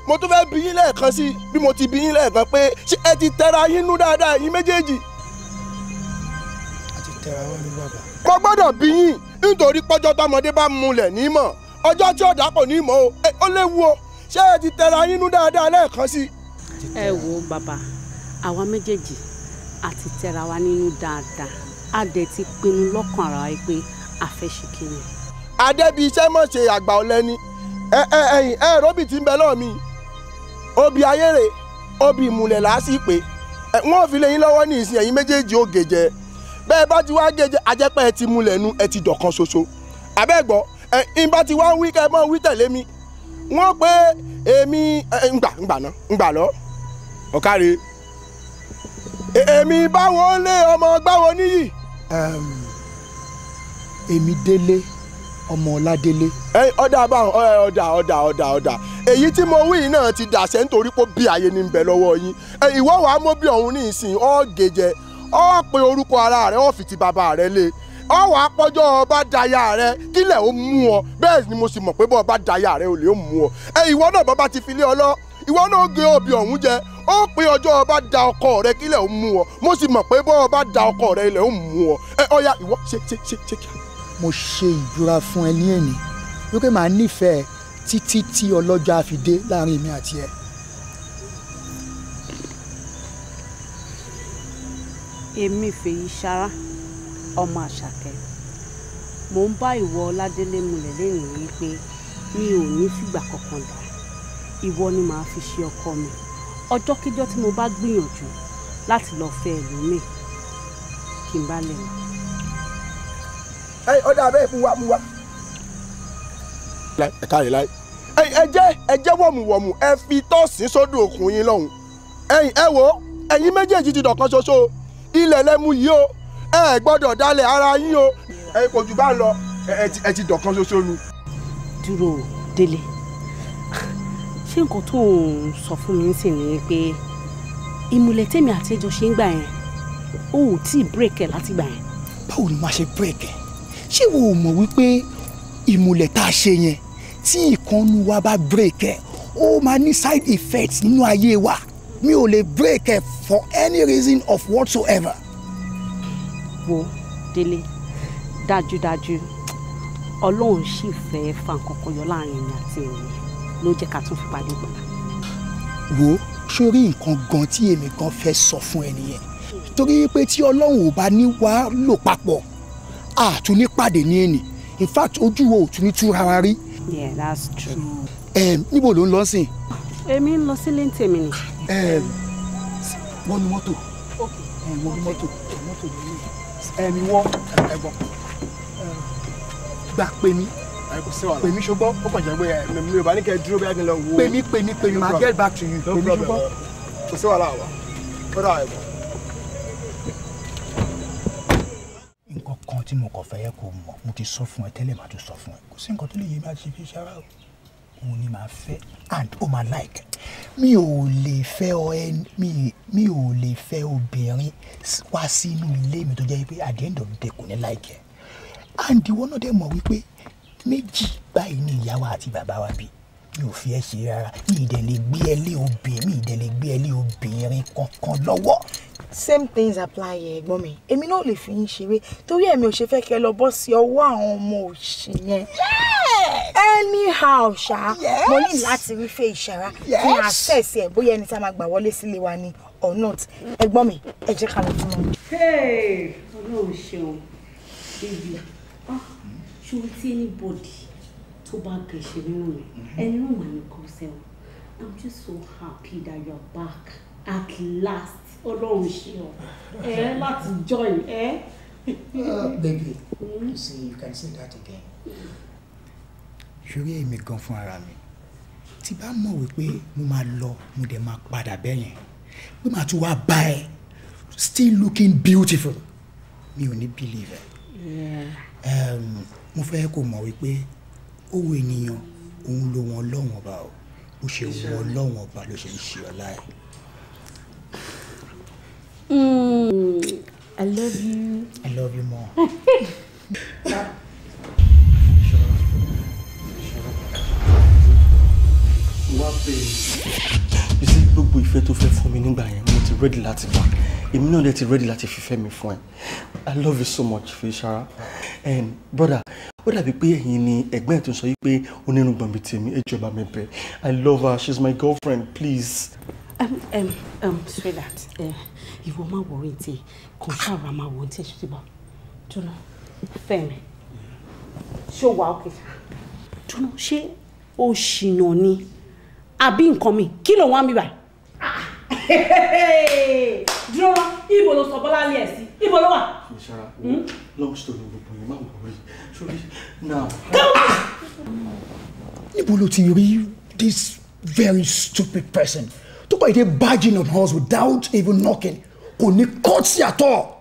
[SPEAKER 9] mo tún fẹ́ bí yín lẹ́ẹ̀kan sí bí mo ti bí yín lẹ́ẹ̀kan pé ṣé ẹ ti tẹra yín nú dáadáa yín méjèèjì. a ti tẹra wọn ní bàbá. kò gbọ́dọ̀ bí yín nítorí pọ́jọ́ tọmọdé bá múlẹ̀ nímọ̀ ọjọ́ tí ọ̀dà kò ní mọ̀ o ó léwu o ṣé ẹ ti tẹra yínú dáadáa
[SPEAKER 2] lẹ́ẹ̀kan sí. ẹ wo bàbá àwa méjèèjì a ti tẹra wa nínú dáadáa a dẹ̀ ti pinnu lọ́kàn ara wa pé a fẹ́ ṣe kíni.
[SPEAKER 9] adébí iṣẹ́ mọ̀ ṣe àgbà ọ̀lẹ́ni ẹ ẹ ẹyìn ẹ róbì tí ń bẹ lọ́ọ̀ mi obì ayére obì ìmùlẹ̀ làásì pé wọ́n fi lé yín lọ́wọ́ ní ìsìn ẹ̀yìn méjèèjì ó gèjẹ́ bẹ́ẹ̀ bá ti wá gèjè àjẹpẹ́ ẹ ti múlẹ̀ nu ẹ ti dọ̀kan ṣoṣo àbẹ́gbọ́ ẹ ń bá ti wá wí kẹ́ ẹ mọ́ wí tẹ̀lé mi wọ́n pé èmi ngbà ngbà náà ngbà lọ ọ̀káre èmi báwo lé ọmọ gbáwo níyì. èmi délé ọmọ ọládélé. ọ̀dà báwọn ọ̀dà ọ̀dà ọ̀dà ọ̀dà èyí tí mo wí náà ti dàṣẹ́ nítorí pé bí ayé ni ń bẹ lọ́wọ́ yín ìwọ́ wàá mọ́ bí ọ̀hún ní ìsìn ọ́ gèjẹ́ ọ pe orúkọ ara rẹ ọ fi ti bàbá rẹ lé ọ wà á pọ́jọ́ ọba daya rẹ kílẹ̀ ó mú ọ bẹ́ẹ̀ ni mo sì mọ̀ pé bọ́ ọba daya rẹ ò lè mú ọ ẹ ìwọ náà bàbá ti fi lé ọ lọ ìwọ náà gé obì ọ̀hún jẹ ó pe ọjọ́ ọba da ọkọ rẹ kílẹ̀ ó mú ọ mo sì mọ̀ pé bọ́ da ọkọ rẹ ilẹ̀ ó mú ọ ẹ ọya ìwọ ṣe ṣe ṣe ṣe kí. mo ṣe ìbúra fún
[SPEAKER 3] ẹ ní èní wípé màá nífẹ̀ẹ́ títí tí ọlọ́jọ́ àfi dé láàrin èmi àti ẹ
[SPEAKER 2] èmi fèyíṣará ọmọ àṣàkẹ́ mò ń bá ìwọ ọládélé múlẹ̀ lẹ́yìn wípé mi ò ní fìgbà kankan dà ìwọ ni màá fi ṣe ọkọ mi ọjọ́kíjọ́ tí mo bá gbìyànjú láti lọ fẹ́ ẹlòmíì kí n bá lè mọ̀. ọ̀dà abẹ́ mú wa mú
[SPEAKER 9] wa. ẹ káre láì. ẹ jẹ́ ẹ jẹ́ wọ̀mùwọ̀mù ẹ fi tọ́ọ̀sì sódò òkun yín lọ́hùn-ún ẹ̀yin ẹ wò ẹ̀yin méjèèjì ti dọ̀kan ṣoṣo ilẹ̀ lẹ́mu yìí o ẹ gbọ́dọ̀ dalẹ̀ ara yín o ẹ kò jù bá lọ ẹ ti dọ̀kan
[SPEAKER 2] ṣoṣo nu. dúró délé ṣé nǹkan tó ń sọ fún mi sì ni pé ìmùlẹ̀ tèmi àti ẹjọ́ ṣe ń gbà yẹn o ò tí ì bírèkì láti gbà yẹn.
[SPEAKER 3] báwo ni màá ṣe bírèkì ṣé wo mọ̀ wípé ìmùlẹ̀ tá a ṣe yẹn tí ìkànnù wa bá bírèkì ẹ ó máa ní side effects nínú ayé wa mi ò lè break ẹ for any reason of whatsoever.
[SPEAKER 2] wo délé dájúdájú ọlọ́run sì fẹ́ẹ́ fa nǹkan kan yọ láàrin èmi àti ẹ̀yìn ló jẹ́ ká tún fi pàdé gbọ́dá.
[SPEAKER 3] wo sórí nǹkan gan tí èmi gan fẹ́ sọ fún ẹ nìyẹn torí pé tí ọlọ́run ò bá ní wá lò papọ̀ àtún ní pàdé ní ẹnì in fact ojú wo ò tún ní tú ara rí.
[SPEAKER 2] yeah that's true.
[SPEAKER 3] ẹ níbo ló ń lọ sí.
[SPEAKER 2] èmi ń lọ sílé tèmi nìyí wọ́n ní mọ́tò wọ́n ní mọ́tò mọ́tò ní ilé ẹni wọ́n ẹ̀gbọ́n gbà pè mí
[SPEAKER 9] pè mí ṣùgbọ́n ó kàn jẹ́ pé mi ò bá ní kẹ́ dúró bí akin lọ wo pè mí pè mí pè mí ma get back to you
[SPEAKER 4] pè mí ṣùgbọ́n kò sí wàhálà wa ó dà ẹ̀gbọ́n.
[SPEAKER 3] nǹkan kan tí mo kàn fẹ́ yẹ kó mọ̀ mo ti sọ fún ẹ tẹ́lẹ̀ màá tún sọ fún ẹ kò sí nǹkan tó lè yé mi àti ṣe fi ṣe ara o òun ni màá fẹ́ and ó máa like mi ò lè fẹ́ ọ ẹni mi mi ò lè fẹ́ obìnrin wá sínú ilé mi tó jẹ́ pé at the end of the day kò ní like ẹ̀ and ìwọ náà dẹ̀ mọ̀ wípé méjì báyìí ni ìyá wa àti bàbá wa bí mi ò fi ẹ́ ṣe rárá mi ì dẹ̀ lè gbé ẹ lé obìnrin mi ì dẹ̀ lè gbé ẹ lé obìnrin kankan lọ́wọ́.
[SPEAKER 2] same things apply yẹ eh, ẹ̀gbọ́n mi èmi náà lè fi yín ṣeré torí ẹ̀mi ò ṣe fẹ́ kẹ́ lọ bọ́ sí ọwọ́ àwọn ọmọ òṣì yẹn. anyhow ṣá mo ní láti rí fẹ́ ìṣara kí n access ẹ̀ bóyá ẹni tá a máa gbà wọlé sílé wa ni or not ẹ̀gbọ́n mi ẹ jẹ́ ká lọ fún wọn. ọlọ́run ṣeun bíbí ah, ṣòro tí anybody tó bá gẹ̀ ṣe nínú mi mm-hmm. ẹni náà mà i'm just so happy that you're back at last ọlọ́run ṣe ọ ẹ láti join ẹ. Uh, baby mm.
[SPEAKER 3] you see you can say that again. Mm-hmm. ṣorí èmi gan fún ara mi tí bá mọ̀ wípé mo máa lọ mo dẹ̀ máa padà bẹ́yẹn pé màá tún wá bá ẹ still looking beautiful mi ò ní believe
[SPEAKER 7] ẹ.
[SPEAKER 3] Um, mo fẹ́ kó mọ̀ wípé owó ènìyàn òun ló wọn lọ́wọ́n ọba o bó ṣe wọn lọ́wọ́n ọba ló ṣe ń ṣe ọlá ẹ̀.
[SPEAKER 2] I love you. I love you more.
[SPEAKER 3] What
[SPEAKER 1] you see gbogbo ìfẹ́ tó fẹ́ fún mi nígbà yẹn mo ti ready láti gbà èmi náà dẹ̀ ti ready láti fífẹ́ mi fún ẹ i love you so much Fayisara and brother ó dàbí pé ẹ̀yin ni ẹ̀gbọ́n ẹ̀ tó sọ yìí pé onírúgbọ̀n bíi tèmi ẹ jọba mi bẹ̀ i love her she's my girlfriend please.
[SPEAKER 2] Um, um, um, sweetheart eh, ìwọ máa wọ̀ ọ́ ètè kàn ṣàrà máa wọ̀ ọ́ ètè ṣùtì bá jóná fẹ́mi ṣó wà ókè jóná ṣé ó ṣìnà ni àbí nǹkan mi kí ló wá mi báyìí. [laughs] dúró wá ibo ló sọ bọ́lá lé ẹ̀ sí ibo ló wà.
[SPEAKER 1] ìṣara long story gbogbo yẹn má wọ rí sórí now.
[SPEAKER 3] níbo ló ti rí this very stupid person tó kọ́ ìdè barging on house without even knocking kò ní kọ́ọ̀tì at all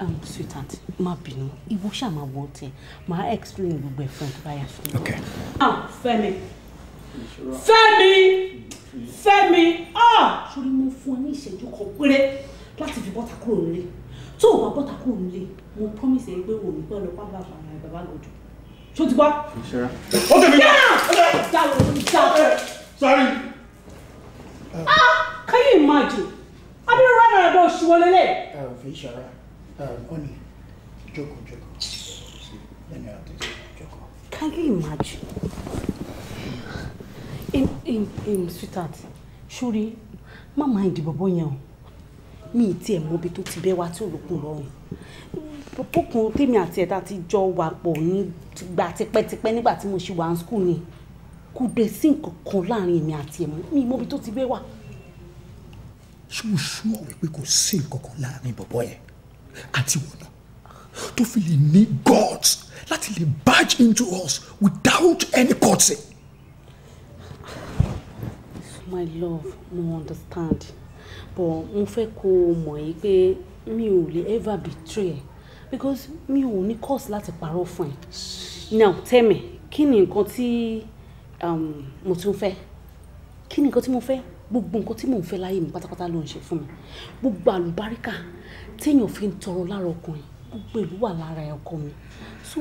[SPEAKER 2] um, sweetheart má bínú ìwọ ṣáà máa wọ tiẹ̀ máa explain gbogbo ẹ̀ fún ẹ tó bá yà fún mi. okay. ah Fẹ́mi Fẹ́mi Fẹ́mi ah sori mo fún ọ ní ìṣẹ́jú kan péré láti fi bọ́ta kúrò nílé tó o bá bọ́ta kúrò nílé mo promise ẹ pé wò ní pẹ́ lọ pápá àgbàrá bàbá lọ́jọ́ tó ti gbọ́. ìṣẹ́ra ó tẹ̀lé mi. yáà ó tẹ̀lé mi. sorry. ah can you imagine I've been running bọ oṣù wọlé lẹ.
[SPEAKER 3] ẹ ò fi ìṣẹ́ra. Honey, Joko, Joko. Let me have this.
[SPEAKER 2] Joko. Can you imagine? In, in, in, sweetheart, Shuri, má mind bọ̀bọ̀ yẹn o. Mi ti ẹ̀ mọ̀ bí tó ti bẹ́ wá tí olùkún lọ́rùn. Bọ́kùn tèmi àti ẹ̀dá ti jọ wà pọ̀ nígbà tipẹ́tipẹ́ nígbà tí mo ṣì wà ní school ni. Kò dẹ̀ sí nǹkan kan láàrin èmi àti ẹ̀mọ́. Mi mọ̀ bí tó ti bẹ́ wà.
[SPEAKER 3] Ṣé o súnmọ́ wípé kò sí nǹkan kan láàrin bọ̀bọ̀ yẹn? àti wọ̀nà tó fi lè ní gods
[SPEAKER 2] láti lè barge into us without any courtesy. my love mo understand but mo fẹ́ kó o mọ̀ yìí pé mi ò lè ever betray because mi ò ní cause láti parọ́ fún ẹ now tell me kí ni nǹkan tí um, mo tún fẹ́ kí ni nǹkan tí mo fẹ́ gbogbo nǹkan tí mo ń fẹ́ láyé mi pátápátá ló ń ṣe fún mi gbogbo àlùbáríkà téèyàn fi ń tọrọ lára ọkùnrin gbogbo ìlú wà lára ọkọ mi so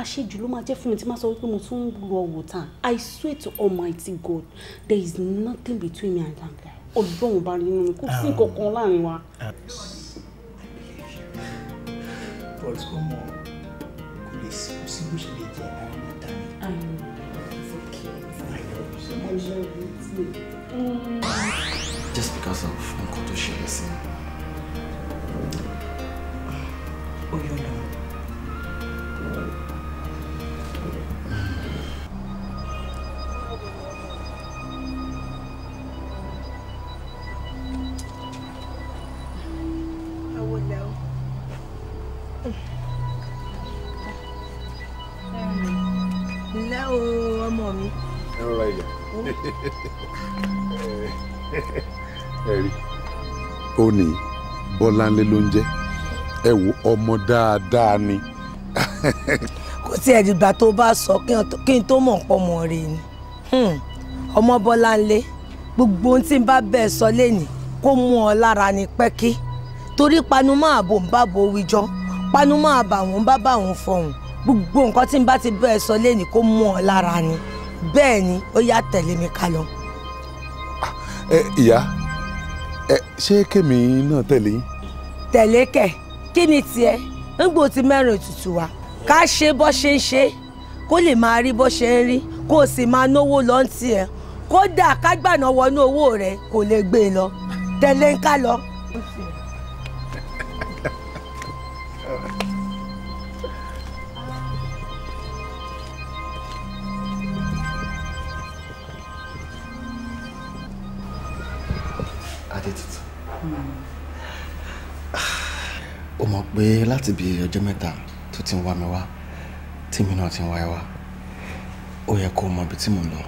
[SPEAKER 2] àṣejù ló máa jẹ́ fún mi tí máa sọ wípé mo tún ń lo ọwọ́ tán I swear to Almighty God there is nothing between me and that guy ọlọ́run bá rí nínú kó sí kankan láàrin wa.
[SPEAKER 1] Just because of nǹkan tó ṣẹlẹ̀ uyudum.
[SPEAKER 7] Ǹlẹ́ o ọmọ mi.
[SPEAKER 8] Ẹ rọra ìyá. Ẹ rí. Ó ní Bọ́láńlé ló ń jẹ́ ẹ wo ọmọ dáadáa ni.
[SPEAKER 2] kò sí ẹ̀dìgbà tó bá sọ kí n tó mọ̀ pọ̀ mọ̀ rè ni hmm, ọmọ Bọ́láńlé gbogbo ohun tí n bá bẹ́ẹ̀ sọ lẹ́nìí kó mú ọ lára ní pẹ́kí torí panumọ́ ń bá bo wíjọ́ panumọ́ àbàwọ́n ń bá bàwọ́n fọ̀hún gbogbo nǹkan tí n bá ti bẹ́ẹ̀ sọ lẹ́nìí kó mú ọ lára ni bẹ́ẹ̀ ni ó yá tẹ̀lé mi ká lọ.
[SPEAKER 8] ẹ ìyá ẹ ṣé kèmí náà
[SPEAKER 2] tẹ̀lé yín. tẹ̀lé kẹ̀ kí ni tiẹ̀ ńgbò ti mẹ́rin òtútù wa ká ṣe bó ṣe ń ṣe kó lè máa rí bó ṣe ń rí kó o sì máa náwó lọ ń tiẹ̀ kódà kágbàna wọnú owó rẹ kò lè gbé e lọ tẹ̀lé ń ká lọ.
[SPEAKER 1] pé láti bí ọjọ́ mẹ́ta tó ti ń wá mi wá tèmi náà ti ń wá ẹ wá ó yẹ kó mọ ibi tí mò ń lọ.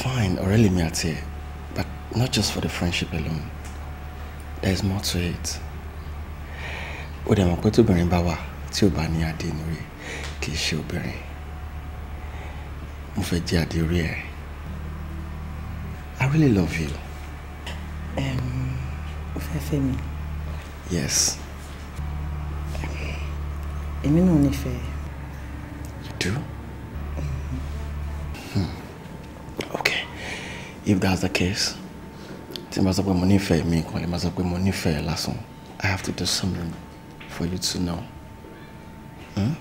[SPEAKER 1] fine ọ̀rẹ́ lèmi àti ẹ̀ but not just for the friendship alone there is more to it. ó dẹ̀ mọ̀ pé tóbìnrin bá wà tí ò bá ní adé nírí kì í ṣe obìnrin mo fẹ́ jẹ́ adé orí ẹ̀ I really love you.
[SPEAKER 3] Um, ó fẹ́ fẹ́ mi.
[SPEAKER 1] Yes.
[SPEAKER 5] Èmi náà nífẹ̀ẹ́.
[SPEAKER 1] You do? Mm-hmm. Hmm. Okay. If that's the case, tí mo sọ pé mo nífẹ̀ẹ́ mi kan lè máa sọ pé mo nífẹ̀ẹ́ lásán. I have to do something for you to know. Hmm?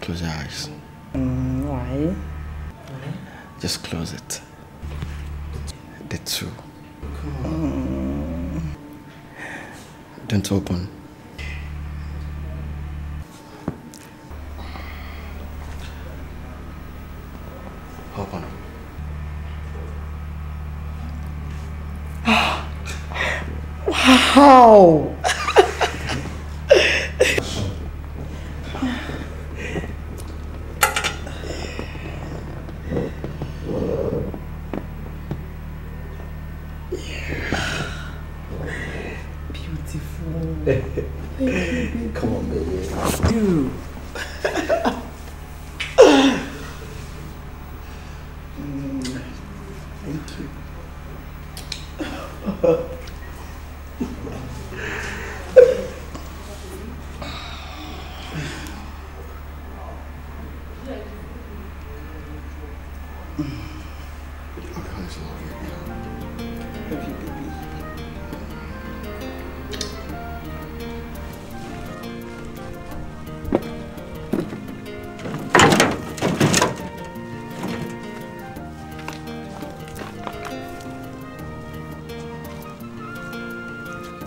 [SPEAKER 1] Close your eyes.
[SPEAKER 2] Mm, why?
[SPEAKER 1] Just close it. The two. Come on. Mm. Don't open. Open.
[SPEAKER 7] [gasps] wow! [laughs]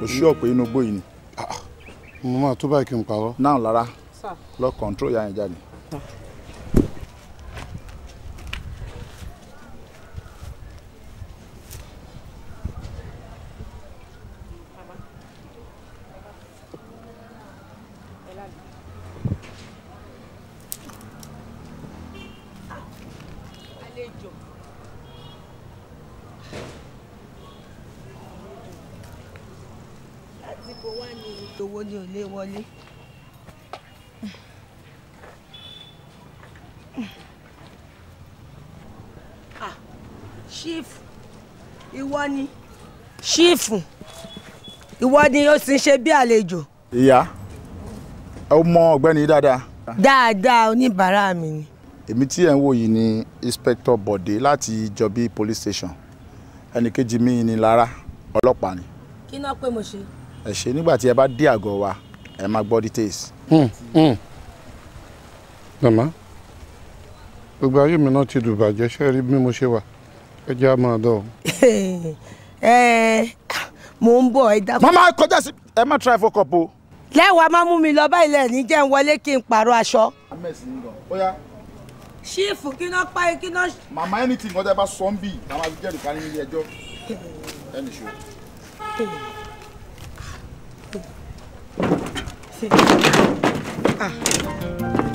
[SPEAKER 9] o ṣú ọ̀pẹ inú igbó yìí ni. Ah, ah. mo máa tó báyìí kí n parọ́. náà lára lọ kọ̀ǹtró yà jáde.
[SPEAKER 2] ìwọ ni ó sì ń ṣe bí àlejò.
[SPEAKER 9] ìyá ó mọ ọ̀gbẹ́ni dáadáa.
[SPEAKER 2] dáadáa oníbàárà mi ni. èmi tí ẹ̀
[SPEAKER 9] ń wò yìí ni inspector Bọ̀dé láti Ìjọ̀bí police station ẹnì kejì mi ni Lára ọlọ́pàá ni.
[SPEAKER 2] kí náà pé mo ṣe.
[SPEAKER 9] ẹ ṣe nígbà tí ẹ bá dé àgọ́ wa ẹ máa gbọ́ details.
[SPEAKER 8] Hmm, hmm. màmá gbogbo ayé mi náà ti dùbàjẹ́ ṣe rí bí mo ṣe wà ẹ jẹ́ àmọ́ àdó.
[SPEAKER 2] [laughs] Eh, mò ń bọ̀ ẹ dákun. mama kọjá sí ẹ má try fọkọ po. lẹ́wàá máa mú mi lọ báyìí lẹ́ẹ̀ni jẹ́ ń wọlé kí n pààrọ̀ aṣọ.
[SPEAKER 9] amẹ́sì ń lọ bóyá. ṣífù kí ná pa kí ná. màmá ẹni tí nǹkan tẹ bá sọ ń bì màmá ti jẹ́rìí ká ní ẹjọ́ ẹnì ṣó.
[SPEAKER 7] Ah.